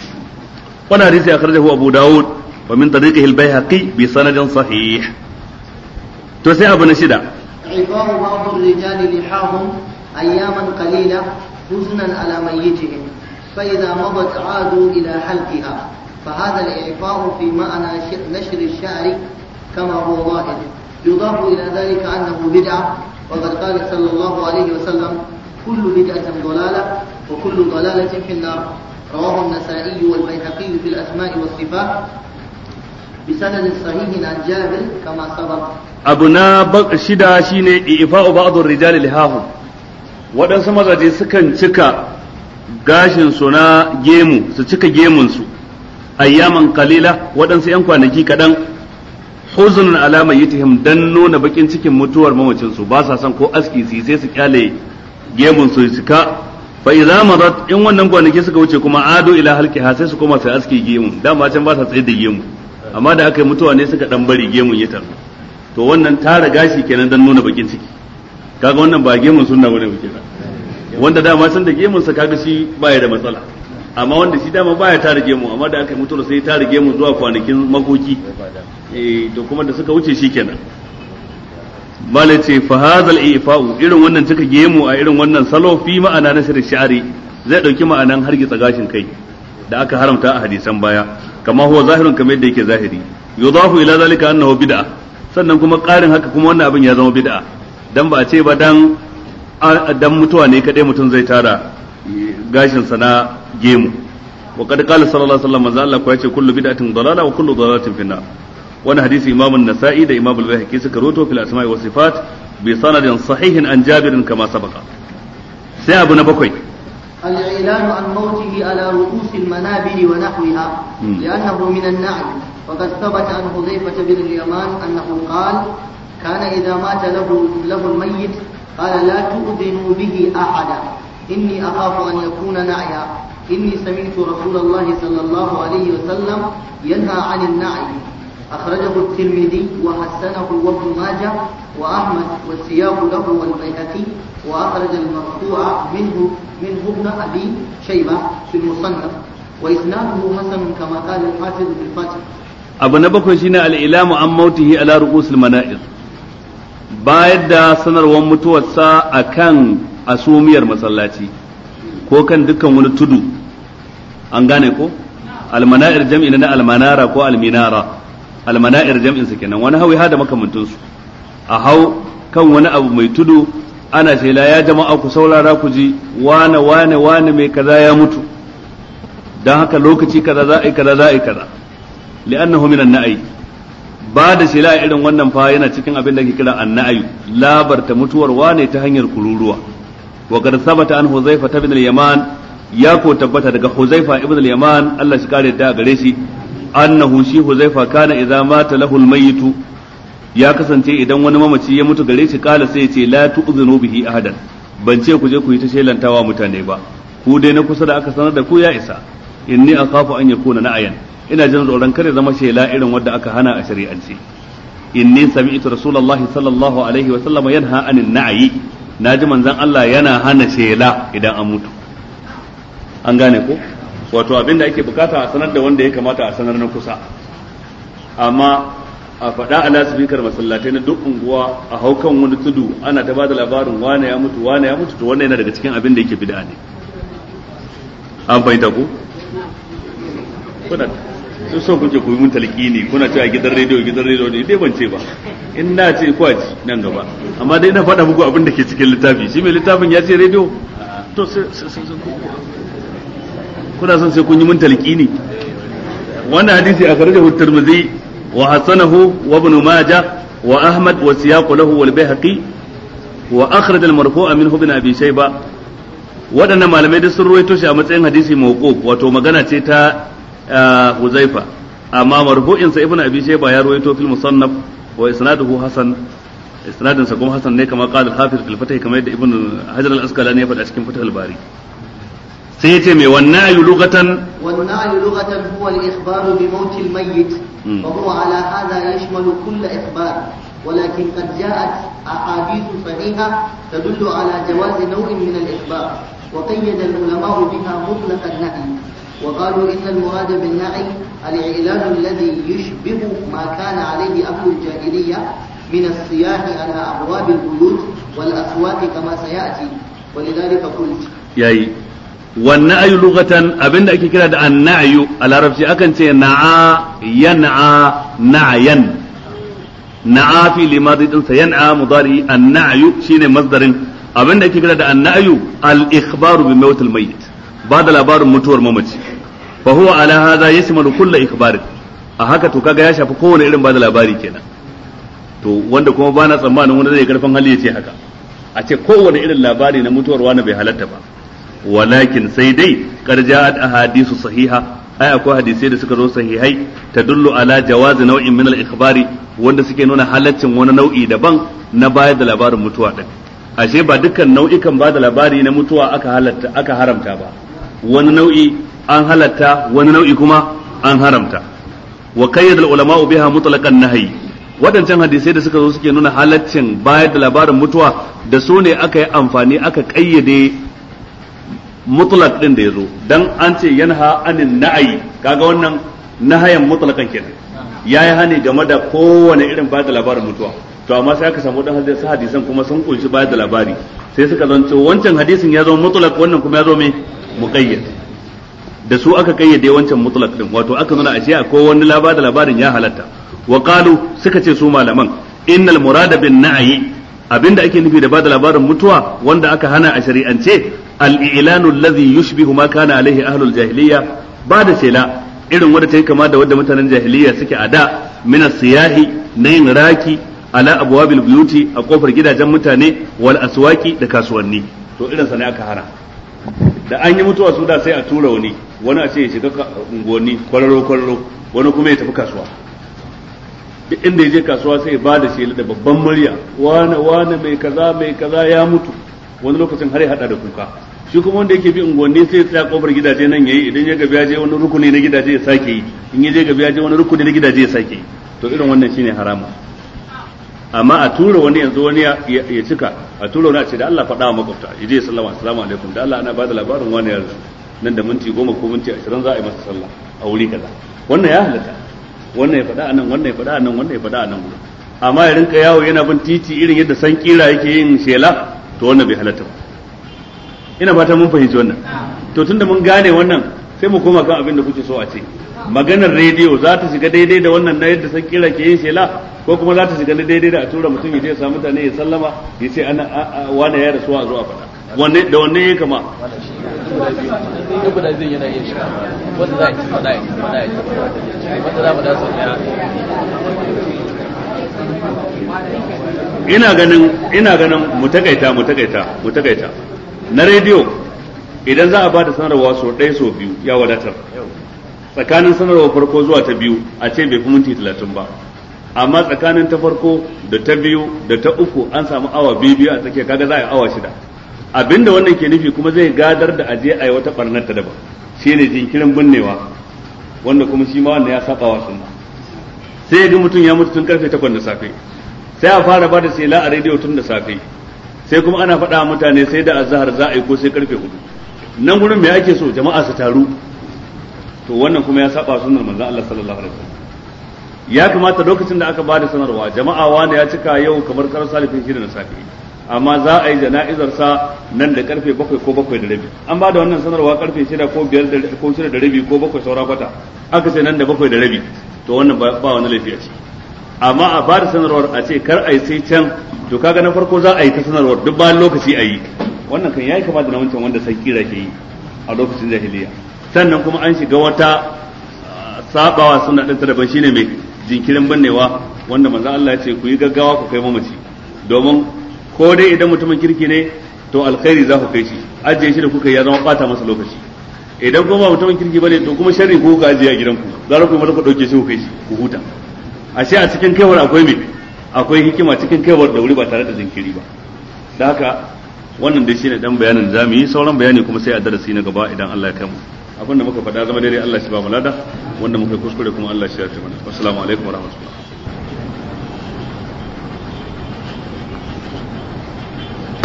Speaker 1: وانا حديث اخرجه ابو داود ومن طريقه البيهقي بسند صحيح توسع ابو نشدة
Speaker 2: عفاه بعض الرجال لحاهم اياما قليلة حزنا على ميتهم فاذا مضت عادوا الى حلقها فهذا الاعفاء في معنى نشر الشعر كما هو ظاهر يضاف الى ذلك انه بدعه وقد قال صلى الله عليه وسلم كل بدعه ضلاله وكل ضلاله في النار رواه النسائي والبيهقي في الأسماء والصفات بسند صحيح عن جابر كما سبق
Speaker 1: abu na shida shine ifa'u ba'dhur rijali lihahum waɗansu mazaje sukan cika gashin su na gemu su cika gemun su ayyaman kalila waɗansu yan kwanaki kaɗan huzunan alama yitihim dan nuna bakin cikin mutuwar mamacin su ba sa son ko aski su sai su kyale gemun su cika fa idza madat in wannan kwanaki suka wuce kuma ado ila ha sai su koma sai aski gemu dama can ba sa tsaye da gemu amma da aka yi mutuwa ne suka dan bari gemu ya tarbi to wannan tara gashi kenan dan nuna bakin ciki kaga wannan ba gemun sunna bane ba kenan wanda dama san da gemun sa kaga shi ba ya da matsala amma wanda shi dama baya tara gemu amma da aka yi mutuwa sai tara gemu zuwa kwanakin makoki eh to kuma da suka wuce shi kenan malai ce fahazal ifa'u irin wannan cika gemu a irin wannan salo fi ma'ana na shirin sha'ari zai ɗauki ma'anan hargitsa gashin kai da aka haramta a hadisan baya kama huwa zahirin kamar yadda yake zahiri yudafu ila zalika annahu bid'a sannan kuma karin haka kuma wannan abin ya zama bid'a dan ba a ce ba dan dan mutuwa ne kadai mutum zai tara gashin sa na gemu wa qad qala sallallahu alaihi wasallam manzo Allah ko yace kullu bid'atin dalala wa kullu dalalatin finnar wani hadisi imam an-nasa'i da imam al-bayhaqi suka roto fil asma'i was sifat bi sanadin sahihin an jabirin
Speaker 2: الإعلان عن موته على رؤوس المنابر ونحوها لأنه من النعل وقد ثبت عن حذيفة بن اليمان أنه قال كان إذا مات له له الميت قال لا تؤذنوا به أحدا إني أخاف أن يكون نعيا إني سمعت رسول الله صلى الله عليه وسلم ينهى عن النعي أخرجه الترمذي وحسنه وابن ماجه وأحمد والسياق له والبيهقي وأخرج المرفوع منه منه ابن أبي شيبة في المصنف وإسناده حسن كما قال الحافظ في الفتح
Speaker 1: abu na bakwai shine al'ilamu an mautihi ala ru'usul mana'ir bayar da sanarwar mutuwarsa a kan asumiyar masallaci ko kan dukkan wani tudu an gane ko almana'ir jam'i na almanara ko alminara almana'ir jam'in su kenan wani hawi hada makamantun su a hau kan wani abu mai tudu ana la ya jama'a ku saurara ku ji wane wane wane mai kaza ya mutu dan haka lokaci kaza za a yi kaza za a yi kaza li'annahu minan na'i ba da shela irin wannan fa yana cikin abin da ke kira annai labarta mutuwar wane ta hanyar kururuwa wa qad sabata an huzaifa ibn al-yaman ya ko tabbata daga huzaifa ibn al-yaman Allah shi kare da gare shi annahu shi huzaifa kana idza mata lahu almayitu ya kasance idan wani mamaci ya mutu gare shi kala sai ya ce la tu'zinu bihi ban ce ku je ku yi ta shelantawa mutane ba ku dai na kusa da aka sanar da ku ya isa inni akhafu an yakuna na'ayan ina jin tsoron kare zama shela irin wadda aka hana a shari'ance inni sami'tu rasulullahi sallallahu alaihi wa sallam yanha anin na'yi naji manzon Allah yana hana shela idan an mutu an gane ko wato abin da ake bukata a sanar da wanda ya kamata a sanar na kusa amma a faɗa a lasifikar masallatai na duk unguwa a haukan wani tudu ana ta bada labarin wane ya mutu wane ya mutu to wannan yana daga cikin abin da yake bid'a ne an fahimta ku kuna sun so kuke ku yi mun talqini kuna cewa gidan rediyo gidan rediyo ne dai ban ce ba in na ce ku aji nan gaba amma dai na faɗa muku abin da ke cikin littafi shi mai littafin ya ce rediyo
Speaker 3: to sai sai sai
Speaker 1: kuna son sai kun yi mun talqini wannan hadisi akhrajahu at-tirmidhi wa hasanahu wa ibn majah wa ahmad wa siyaqu lahu wal bayhaqi wa akhraj al-marfu'a minhu ibn abi shayba waɗannan malamai da sun ruwaito shi a matsayin hadisi mawquf wato magana ce ta Huzaifa amma marfu'in sa ibn abi shayba ya ruwaito fil musannaf wa isnaduhu hasan isnadin sa kuma hasan ne kama qala al-hafiz fil fath kamar yadda ibn hajar al-asqalani ya faɗa cikin fath al-bari sai ya ce mai wannan ayu lugatan
Speaker 2: wannan ayu lugatan huwa al-ikhbaru bi maut al ولكن قد جاءت أحاديث صحيحة تدل على جواز نوع من الإخبار وقيد العلماء بها مطلق النهي وقالوا إن المراد بالنهي الإعلان الذي يشبه ما كان عليه أهل الجاهلية من الصياح على أبواب البيوت والأسواق كما سيأتي ولذلك قلت
Speaker 1: ياي wannan ayu lugatan abinda ake kira da annayu a larabci akan ce na'a yan'a na'yan na'a fi limadi din sa yan'a mudari annayu shine masdarin abinda ake kira da annayu al ikhbaru bi mawt al mayyit ba da labarin mutuwar mamaci fa huwa ala hadha yashmalu kull ikhbarin a haka to kaga ya shafi kowane irin ba da labari kenan to wanda kuma bana tsammanin wanda zai karfin hali ya ce haka a ce kowane irin labari na mutuwar wani bai halatta ba walakin sai dai qarja'at ahadisu sahiha ai akwai hadisai da suka zo sahihai tadullu ala jawazi nau'in min al-ikhbari wanda suke nuna halaccin wani nau'i daban na bayar da labarin mutuwa ashe ba dukkan nau'ikan ba da labari na mutuwa aka haramta ba wani nau'i an kuma an haramta wa qayyada al-ulama biha mutlaqan waɗancan hadisai da suka zo suke nuna halaccin bayar da labarin mutuwa da su ne aka yi amfani aka kayyade mutlak din da ya zo dan an ce yanha anin na'i kaga wannan nahayan mutlakan kenan yayi hani game da kowane irin ba da labarin mutuwa to amma sai aka samu dan hadisi hadisan kuma sun kunshi bayar da labari sai suka zanto wancan hadisin ya zama mutlak wannan kuma ya zo me muqayyad da su aka kayyade wancan mutlak din wato aka nuna ashe ko wani labarin labarin ya halatta wa qalu suka ce su malaman innal murada bin na'i abinda ake nufi da bada labarin mutuwa wanda aka hana a shari'ance al-i'lanu allazi yushbihu ma kana alaihi ahlul jahiliya ba da shela irin wanda take kama da wadda mutanen jahiliya suke a da mina siyahi na yin raki ala abwabil buyuti a kofar gidajen mutane wal aswaki da kasuwanni to irin sa ne aka hana da an yi mutuwa su da sai a tura wani wani a ce ya shiga unguwanni kwararo kwararo wani kuma ya tafi kasuwa duk inda ya je kasuwa sai ba da shela da babban murya wane wane mai kaza mai kaza ya mutu wani lokacin har ya hada da kuka shi kuma wanda yake bi unguwanni sai ya tsaya kofar gidaje nan yayi idan ya ga ya je wani rukuni na gidaje ya sake yi in ya je ga ya je wani rukuni na gidaje ya sake yi to irin wannan shine harama. amma a tura wani yanzu wani ya cika a tura wani a ce da Allah faɗa wa makwabta ya je sallama assalamu alaikum da Allah ana bada labarin wani yanzu nan da minti goma ko minti ashirin za a yi masa sallah a wuri kaza wannan ya halatta wannan ya faɗa a nan wannan ya faɗa a nan wannan ya faɗa a nan amma ya rinka yawo yana bin titi irin yadda san kira yake yin shela to wannan bai halatta ba ina fata mun fahimci wannan to tunda mun gane wannan sai mu koma kan abin da kuke so a ce maganar rediyo za ta shiga daidai da wannan na yadda san kira ke yin shela ko kuma za ta shiga daidai da a tura mutum ya je ya samu mutane ya sallama ya ce ana wani ya rasuwa a zo a faɗa wanne da wanne ya kama ina ganin ina ganin mu takaita mu takaita mu na rediyo idan za a bada sanarwa so ɗaya so biyu ya wadatar tsakanin sanarwa farko zuwa ta biyu a ce bai fi minti talatin ba amma tsakanin ta farko da ta biyu da ta uku an samu awa biyu biyu a tsakiya kaga za a yi awa shida abinda wannan ke nufi kuma zai gadar da aje a yi wata barnar ta shi ne jinkirin binnewa wanda kuma shi ma wanda ya saba wa sunna sai ya ga mutum ya mutu tun karfe 8 da safe sai a fara bada sela a rediyo tun da safe sai kuma ana faɗa mutane sai da azhar za a yi ko sai karfe 4 nan gurin me ake so jama'a su taru to wannan kuma ya saba sunnar manzon Allah sallallahu alaihi wasallam ya kamata lokacin da aka bada sanarwa jama'a wanda ya cika yau kamar karar salifin shi da safe amma za a yi jana'izar sa nan da karfe bakwai ko bakwai da rabi an ba da wannan sanarwa karfe shida ko biyar da ko shida da rabi ko bakwai saura kwata aka ce nan da bakwai da rabi to wannan ba wani laifi a ce amma a ba da sanarwar a ce kar a yi sai can to kaga na farko za a yi ta sanarwar duk bayan lokaci a yi wannan kan yayi kama da na wancan wanda sai kira ke yi a lokacin jahiliya sannan kuma an shiga wata ah, sabawa suna ɗin ta daban shine mai jinkirin bannewa wanda manzo Allah ya ce ku yi gaggawa ku kai mamaci domin ko dai idan mutumin kirki ne to alkhairi za ku kai shi ajiye shi da kuka ya zama bata masa lokaci idan kuma mutumin kirki bane to kuma sharri ko ka ajiye a gidanku za ku mata ku dauke shi ku kai shi ku huta ashe a cikin kaiwar akwai me akwai hikima cikin kaiwar da wuri ba tare da zinkiri ba da haka wannan dai shine dan bayanin zamu yi sauran bayani kuma sai a darasi na gaba idan Allah ya kai mu abinda muka faɗa zama daidai Allah shi ba mu lada wanda muka kuskure kuma Allah shi ya tabbata assalamu alaikum warahmatullahi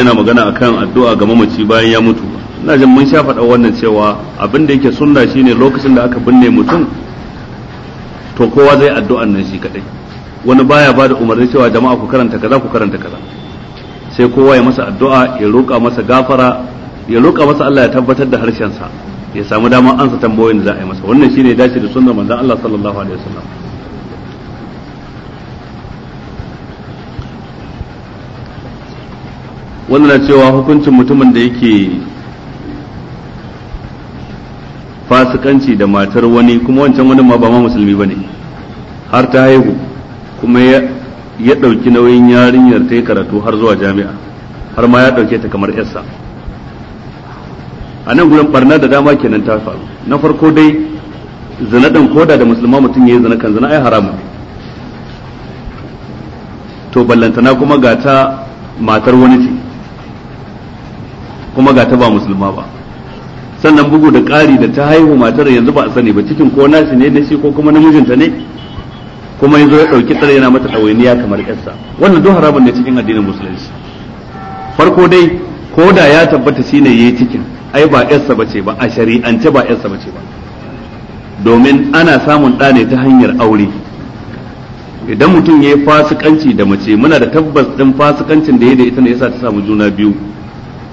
Speaker 1: yana magana akan addu'a ga mamaci bayan ya mutu ina jin mun sha faɗa wannan cewa abin da yake sunna shine lokacin da aka binne mutum to kowa zai addu'an nan shi kadai wani baya ba da umarni cewa jama'a ku karanta kaza ku karanta kaza sai kowa ya masa addu'a ya roƙa masa gafara ya roƙa masa Allah ya tabbatar da harshen sa ya samu damar ansa tambayoyin da za a yi masa wannan shine dace da sunnar manzon Allah sallallahu alaihi wasallam wanda na cewa hukuncin mutumin da yake fasikanci da matar wani kuma wancan wani ma ba ma musulmi ba ne har ta haihu kuma ya ɗauki nauyin yarinyar ta yi karatu har zuwa jami'a har ma ya ɗauke ta kamar yarsa a nan gudun barna da dama kenan ta faru na farko dai zina koda da musulma mutum ya yi zina kan zina ai haramun to ballantana kuma ga ta matar wani ce kuma ga ta ba musulma ba sannan bugu da ƙari da ta haihu matar yanzu ba a sani ba cikin ko nasi ne da shi ko kuma namijinta ne kuma yanzu ya ɗauki tsare yana mata ɗawainiya kamar ƴarsa wannan duk haramun ne cikin addinin musulunci farko dai ko da ya tabbata shi ya yayi cikin ai ba ƴarsa ce ba a shari'ance ba ƴarsa ce ba domin ana samun ɗa ne ta hanyar aure idan mutum ya yi fasikanci da mace muna da tabbas ɗin fasikancin da ya da ita ne yasa ta samu juna biyu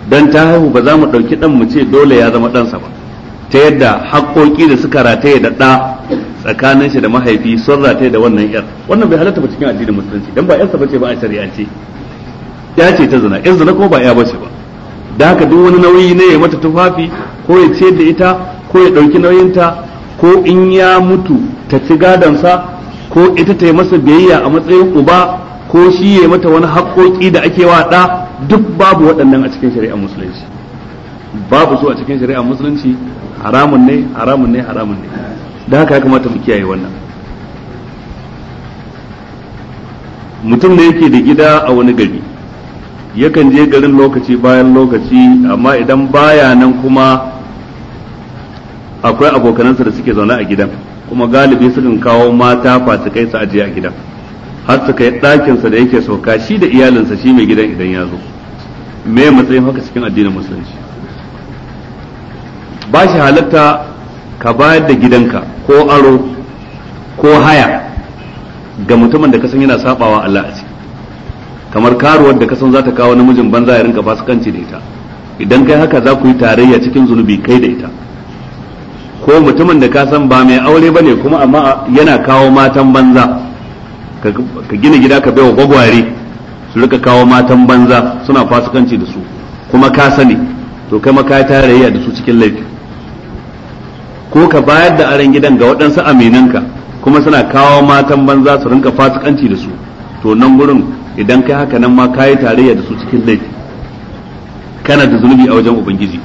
Speaker 1: dan ta haihu ba za mu ɗauki ɗan mu ce dole ya zama ɗansa ba ta yadda haƙoƙi da suka rataye da ɗa tsakanin shi da mahaifi sun rataye da wannan yar wannan bai halatta ba cikin addinin musulunci dan ba yarsa bace ba a shari'ance ya ce ta zina 'yanzu zina kuma ba ya bace ba da haka duk wani nauyi ne ya mata tufafi ko ya ce da ita ko ya ɗauki nauyinta ko in ya mutu ta ci gadonsa ko ita ta yi masa biyayya a matsayin uba ko shi ya mata wani haƙoƙi da ake wa ɗa duk babu waɗannan a cikin shari'ar musulunci babu su a cikin shari'ar musulunci haramun ne haramun ne haramun ne don haka ya kamata mu kiyaye wannan mutum da yake da gida a wani gari yakan je garin lokaci bayan lokaci amma idan baya nan kuma akwai abokanansa da suke zaune a gidan kuma galibi sukan kawo mata fasikai su ajiye a gidan har ta kai ɗakinsa da yake sauka shi da iyalinsa shi mai gidan idan ya zo me matsayin haka cikin addinin musulunci ba shi halatta ka bayar da gidanka ko aro ko haya ga mutumin da kasan yana sabawa Allah a ciki kamar karuwar da kasan za ta kawo namijin banza ya rinka fasikanci da ita idan kai haka za ku yi tarayya cikin zunubi kai da ita ko mutumin da ka san ba mai aure bane kuma amma yana kawo matan banza ka gina gida ka baiwa gwagware su rika kawo matan banza suna fasikanci da su kuma ka sani to kai maka tarayya da su cikin laifi ko ka bayar da aran gidan ga waɗansu aminanka kuma suna kawo matan banza su rinka fasikanci da su to nan gurin idan kai haka nan ma kayi tarayya da su cikin laifi kana da zunubi a wajen ubangiji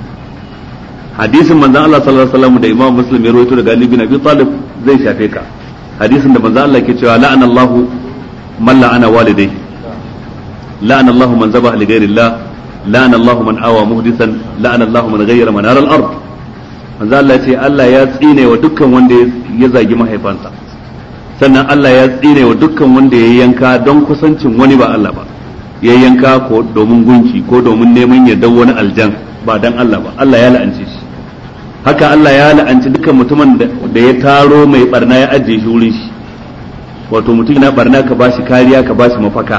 Speaker 1: hadisin manzon Allah sallallahu alaihi wasallam da Imam Muslim ya rawaito daga Ali bin Abi Talib zai shafe ka hadisin da manzo Allah ke cewa la'ana Allahu man la'ana walidai la'ana Allahu man zaba li ghairillah la'ana Allahu man awa muhdisan la'ana Allahu man ghayyara manar al-ard manzo Allah ce Allah ya tsine wa dukkan wanda ya zagi mahaifansa sannan Allah ya tsine wa dukkan wanda ya yanka don kusancin wani ba Allah ba ya yanka ko domin gunki ko domin neman ya dawo wani aljan ba dan Allah ba Allah ya la'anci haka Allah ya la'anci dukkan mutumin da ya taro mai barna ya ajiye shi wurin shi wato mutum yana barna ka bashi kariya ka bashi mafaka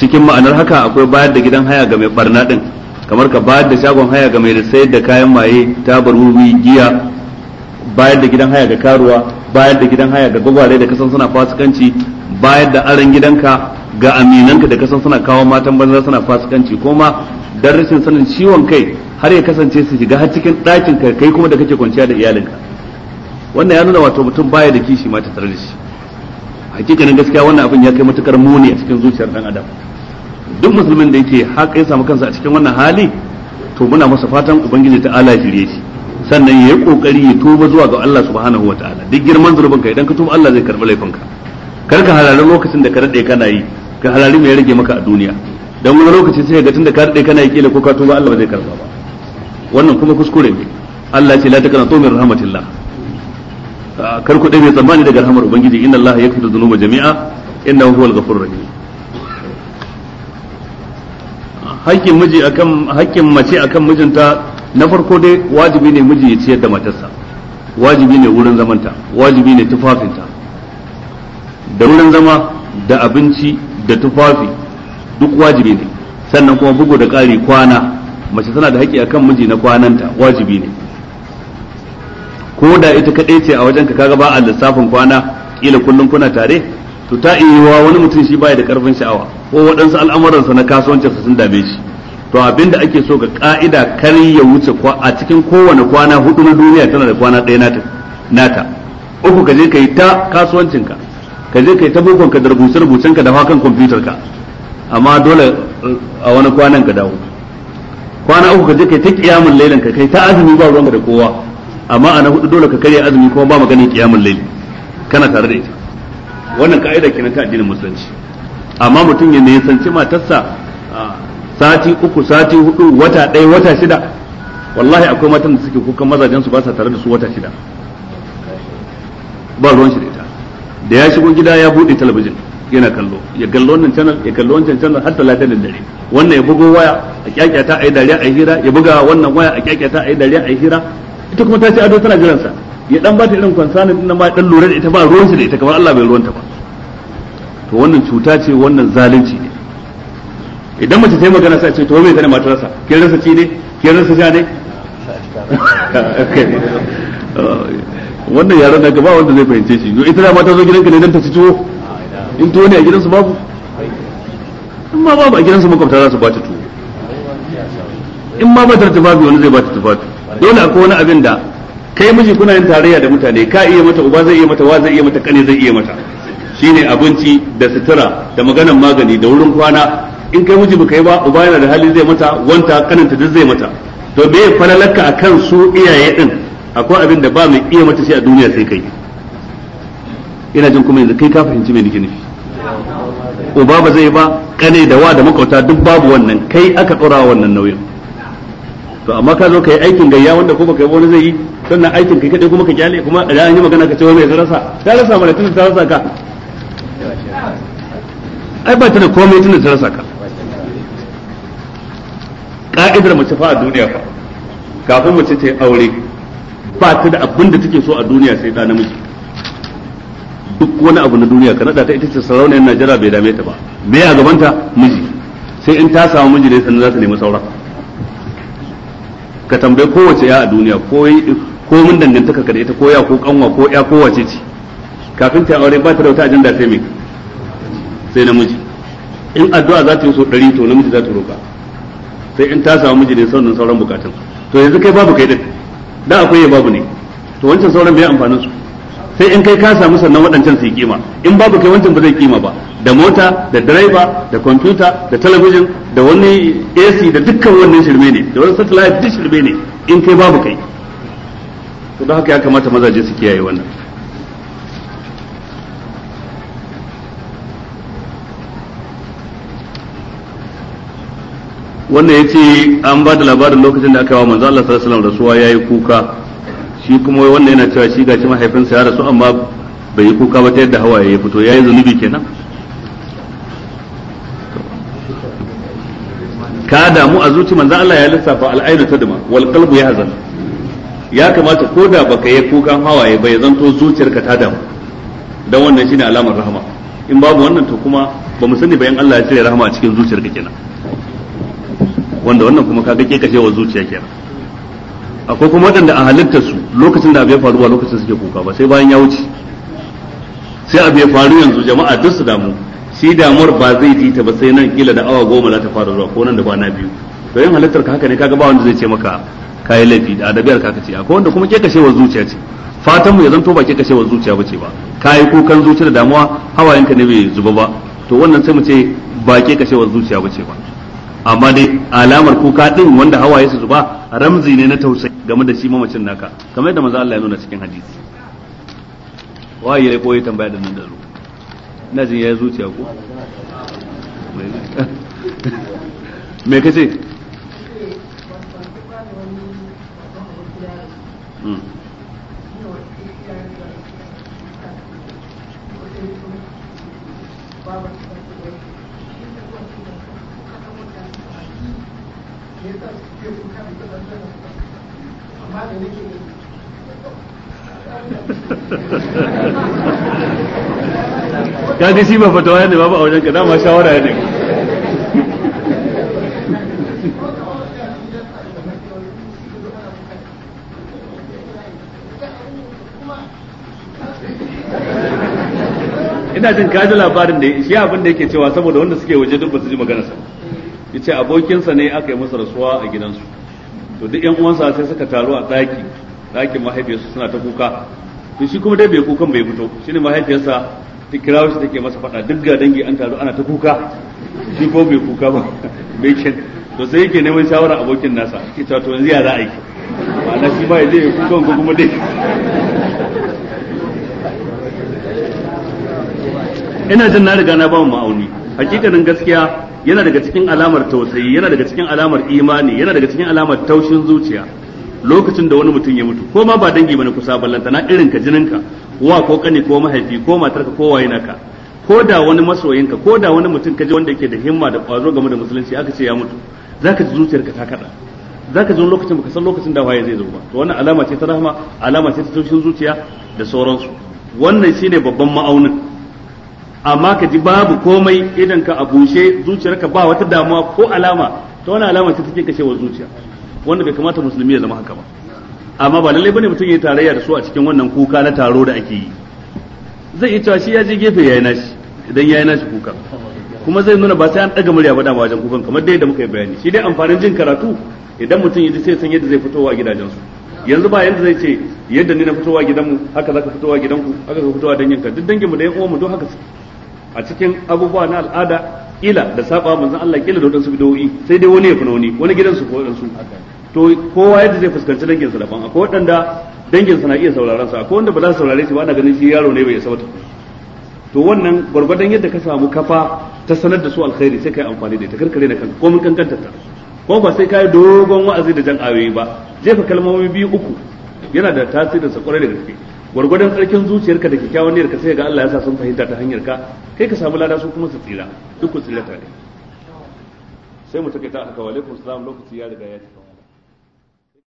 Speaker 1: cikin ma'anar haka akwai bayar da gidan haya ga mai barna din kamar ka bayar da shagon haya ga mai sayar da kayan maye tabar wuri giya bayar da gidan haya ga karuwa bayar da gidan haya ga gwagware da kasan suna fasikanci bayar da aran gidanka ga aminanka da kasan suna kawo matan banza suna fasikanci kuma dan rashin sanin ciwon kai har ya kasance su shiga har cikin ɗakin ka kai kuma da kake kwanciya da iyalinka wannan ya nuna wato mutum baya da kishi mata tare da shi hakikanin gaskiya wannan abin ya kai matukar muni a cikin zuciyar dan adam duk musulmin da yake haka ya samu kansa a cikin wannan hali to muna masa fatan ubangiji ta ala shirye shi sannan ya yi kokari ya tuba zuwa ga Allah subhanahu ta'ala duk girman zurbin idan ka tuba Allah zai karbi laifinka kar ka halalin lokacin da ka rade kana yi ka halarci mai rage maka a duniya dan wani lokaci sai ga tunda ka rade kana yi kila ko ka tuba Allah ba zai karba ba wannan kuma kuskure ne Allah ce la takana to min rahmatillah ah, kar ku dai mai tsammani daga rahmar ubangiji inna Allah yakfuru dhunuba jami'a innahu huwal ghafurur rahim hakkin miji akan hakkin mace akan mijinta na farko dai wajibi ne miji ya ciyar da matarsa wajibi ne wurin zamanta wajibi ne tufafinta da wurin zama da abinci da tufafi duk wajibi ne sannan kuma bugu da ƙari kwana mace tana da haƙƙi akan miji na kwananta wajibi ne ko da ita kaɗai ce a wajen ka kaga ba a lissafin kwana kila kullum kuna tare to ta iya wani mutum shi baya da karfin sha'awa ko waɗansu al'amuransa na kasuwancinsa sun dame shi to abinda ake so ga ka'ida kar ya wuce a cikin kowane kwana hudu na duniya tana da kwana ɗaya nata uku ka je ka yi ta kasuwancinka ka je ka yi ta bukonka da rubuce-rubucenka da hakan kwamfutarka amma dole eh, a wani kwanan ka dawo kwana uku ka je kai ta kiyamun lailan ka kai ta azumi ba ruwanka da kowa amma a na hudu dole ka karya azumi kuma ba maganin kiyamun laili kana tare da ita wannan ka'ida kenan ta addinin musulunci amma mutum ya ne sanci matarsa sati uku sati hudu wata ɗaya wata shida wallahi akwai matan da suke kukan mazajen su ba sa tare da su wata shida ba ruwan shi da ita da ya shigo gida ya bude talabijin yana kallo ya kallo wannan channel ya kallo wancan channel har talata da dare wannan ya bugo waya a kyakyata a yi dariya a hira ya buga wannan waya a kyakyata a yi dariya a hira ita kuma ta ce ado tana jiran sa ya dan ba ta irin kwansanin din ma dan lura da ita ba ruwan su da ita kamar Allah bai ruwanta ba to wannan cuta ce wannan zalunci ne idan mace ta yi magana sai ce to me ta ne matarsa kin rasa ci ne kin rasa sha ne oh, wannan yaron da ba wanda zai fahimce shi ita da mata zo gidanka ne dan ta ci tuwo in tuwo ne a gidansu babu in ma babu a gidansu makwabta za su ba ta tuwo in ma ba ta tufafi wani zai ba ta tufafi dole akwai wani abin da kai miji kuna yin tarayya da mutane ka iya mata uba zai iya mata wa zai iya mata kane zai iya mata shine abinci da sutura da maganan magani da wurin kwana in kai miji baka yi ba uba yana da hali zai mata wanta kananta duk zai mata to me falalaka akan su iyaye din akwai abin da ba mai iya mata shi a duniya sai kai ina jin kuma yanzu kai ka fahimci me nake nufi uba ba zai ba kane da wa da makauta duk babu wannan kai aka tsora wannan nauyin to amma ka zo ka yi aikin gayya wanda ko baka yi wani zai yi sannan aikin kai kadai kuma ka kyale kuma da an yi magana ka ce wai mai rasa ta rasa mana tunda ta rasa ka ai ba tana komai tunda ta rasa ka ka'idar mace fa a duniya fa kafin mace ta yi aure ba ta da abin da take so a duniya sai da namiji duk wani abu na duniya ka nada ta ita ce sarauniyar jira bai dame ta ba me a gabanta miji sai in ta samu miji ne sannan za ta nemi saura ka tambaye kowace ya a duniya ko ko mun dangantaka ka da ita ko ya ko kanwa ko ya ko wace ce kafin ta aure ba ta da wata ajanda sai me sai miji in addu'a za ta yi so ɗari to namiji za ta roƙa sai in ta samu miji ne sannan sauran bukatun to yanzu kai babu kai din da akwai ya babu ne to wancan sauran bai amfanin su sai in kai ka samu sannan waɗancan su yi kima in babu kai wancan ba zai kima ba da mota da direba da kwamfuta da talabijin da wani AC da dukkan wannan shirme ne da wani satellite duk shirme ne in kai babu kai to don haka ya kamata mazaje su kiyaye wannan wannan ya ce an ba da labarin lokacin da aka yi wa manzo Allah sallallahu alaihi wasallam rasuwa yayi kuka shi kuma wannan yana cewa shi gashi mahaifinsa ya rasu amma bai yi kuka ba ta yadda hawaye ya fito ya yi zunubi kenan ka damu a zuci manzan Allah ya lissafa al'ainu ta duma wal kalbu ya hazan ya kamata ko da baka yi kukan hawaye bai zanto zuciyarka ta damu dan wannan shine alamar rahama in babu wannan to kuma ba mu sani bayan Allah ya cire rahama a cikin zuciyarka kenan wanda wannan kuma kaga ke kashewa zuciya kenan akwai kuma waɗanda a halittar su lokacin da abu ya faru ba lokacin suke kuka ba sai bayan ya wuce sai abu ya faru yanzu jama'a duk su damu shi damuwar ba zai ji ta ba sai nan kila da awa goma za ta fara zuwa ko nan da kwana biyu to yin halittar ka haka ne kaga ba wanda zai ce maka kayi laifi da adabiyar ka ce akwai wanda kuma ke kashewar zuciya ce fatan mu ya zanto ba ke kashewar zuciya ce ba kayi kukan zuciya da damuwa hawayenka ne bai zuba ba to wannan sai mu ce ba ke kashewar zuciya ce ba amma dai alamar kuka din wanda hawaye su zuba ramzi ne na tausayi game da shi mamacin naka kamar yadda manzo Allah ya nuna cikin hadisi waye ya koyi tambaya da nan da zo na jin ya zuciya ko me kace
Speaker 3: Thank hmm. you. ji
Speaker 1: shi ba fatawa ne ba a wajen ka dama shawara ne ina jin kaji labarin da shi abin da yake cewa saboda wanda suke waje duk ba su ji sa. yace abokinsa ne aka yi masa rasuwa a gidansu to duk yan uwansa sai suka taru a daki ɗakin mahaifiyarsa suna ta kuka to shi kuma dai bai kukan bai fito shine mahaifiyarsa ta kirawo shi take masa fada duk ga dangi an taru ana ta kuka shi ko bai kuka ba bai kin to sai yake neman shawara abokin nasa yake cewa to yanzu ya za a yi ma'ana shi ba zai kuka kukan ko kuma dai ina jin na riga na ba mu ma'auni hakikanin gaskiya yana daga cikin alamar tausayi yana daga cikin alamar imani yana daga cikin alamar taushin zuciya lokacin da wani mutum ya mutu ko ma ba dangi bane kusa ballanta na irin ka jinin ka wa ko kani ko mahaifi ko matar ka ko waye naka ko da wani masoyinka ko da wani mutum kaje wanda yake da himma da kwazo game da musulunci aka ce ya mutu zaka ji zuciyar ka ta kada zaka ji lokacin baka san lokacin da waye zai zo ba to wannan alama ce ta rahma alama ce ta taushin zuciya da sauransu wannan shine babban ma'aunin amma ka ji babu komai idan ka abushe zuciyarka ba wata damuwa ko alama ta wani alama ta take kashewar zuciya wanda bai kamata musulmi ya zama haka ba amma ba lallai bane mutum ya tarayya da su a cikin wannan kuka na taro da ake yi zai yi cewa shi ya je gefe yayi nashi idan yayi nashi kuka kuma zai nuna ba sai an daga murya ba da wajen kukan kamar dai da muka yi bayani shi dai amfanin jin karatu idan mutum ya ji sai san yadda zai fitowa a gidajensu yanzu ba yanda zai ce yadda ni na fitowa gidanmu haka zaka fitowa gidanku haka ka fitowa danginka duk danginmu da yan uwanmu duk haka suke a cikin abubuwa na al'ada ila da saba manzon Allah kila da wadansu bidoyi sai dai wani ya fi wani wani gidansu ko wadansu to kowa yadda zai fuskanci dangin danginsa daban akwai dangin sa na iya sauraron sa akwai wanda ba za su saurare shi ba ana ganin shi yaro ne bai yasa wata to wannan gwargwadon yadda ka samu kafa ta sanar da su alkhairi sai kai amfani da ita karkare na kanka ko mun kankanta ta ko ba sai kai dogon wa'azi da jan ayoyi ba jefa kalmomi biyu uku yana da tasirin sa kwarai da gaske gwargwadon tsarkin zuciyarka da kyakkyawan niyyarka sai ga Allah ya sa sun fahimta ta hanyar ka kai ka samu lada su kuma su tsira duk ku tsira tare sai mu take ta aka wa alaikum assalam lokaci ya riga ya tafi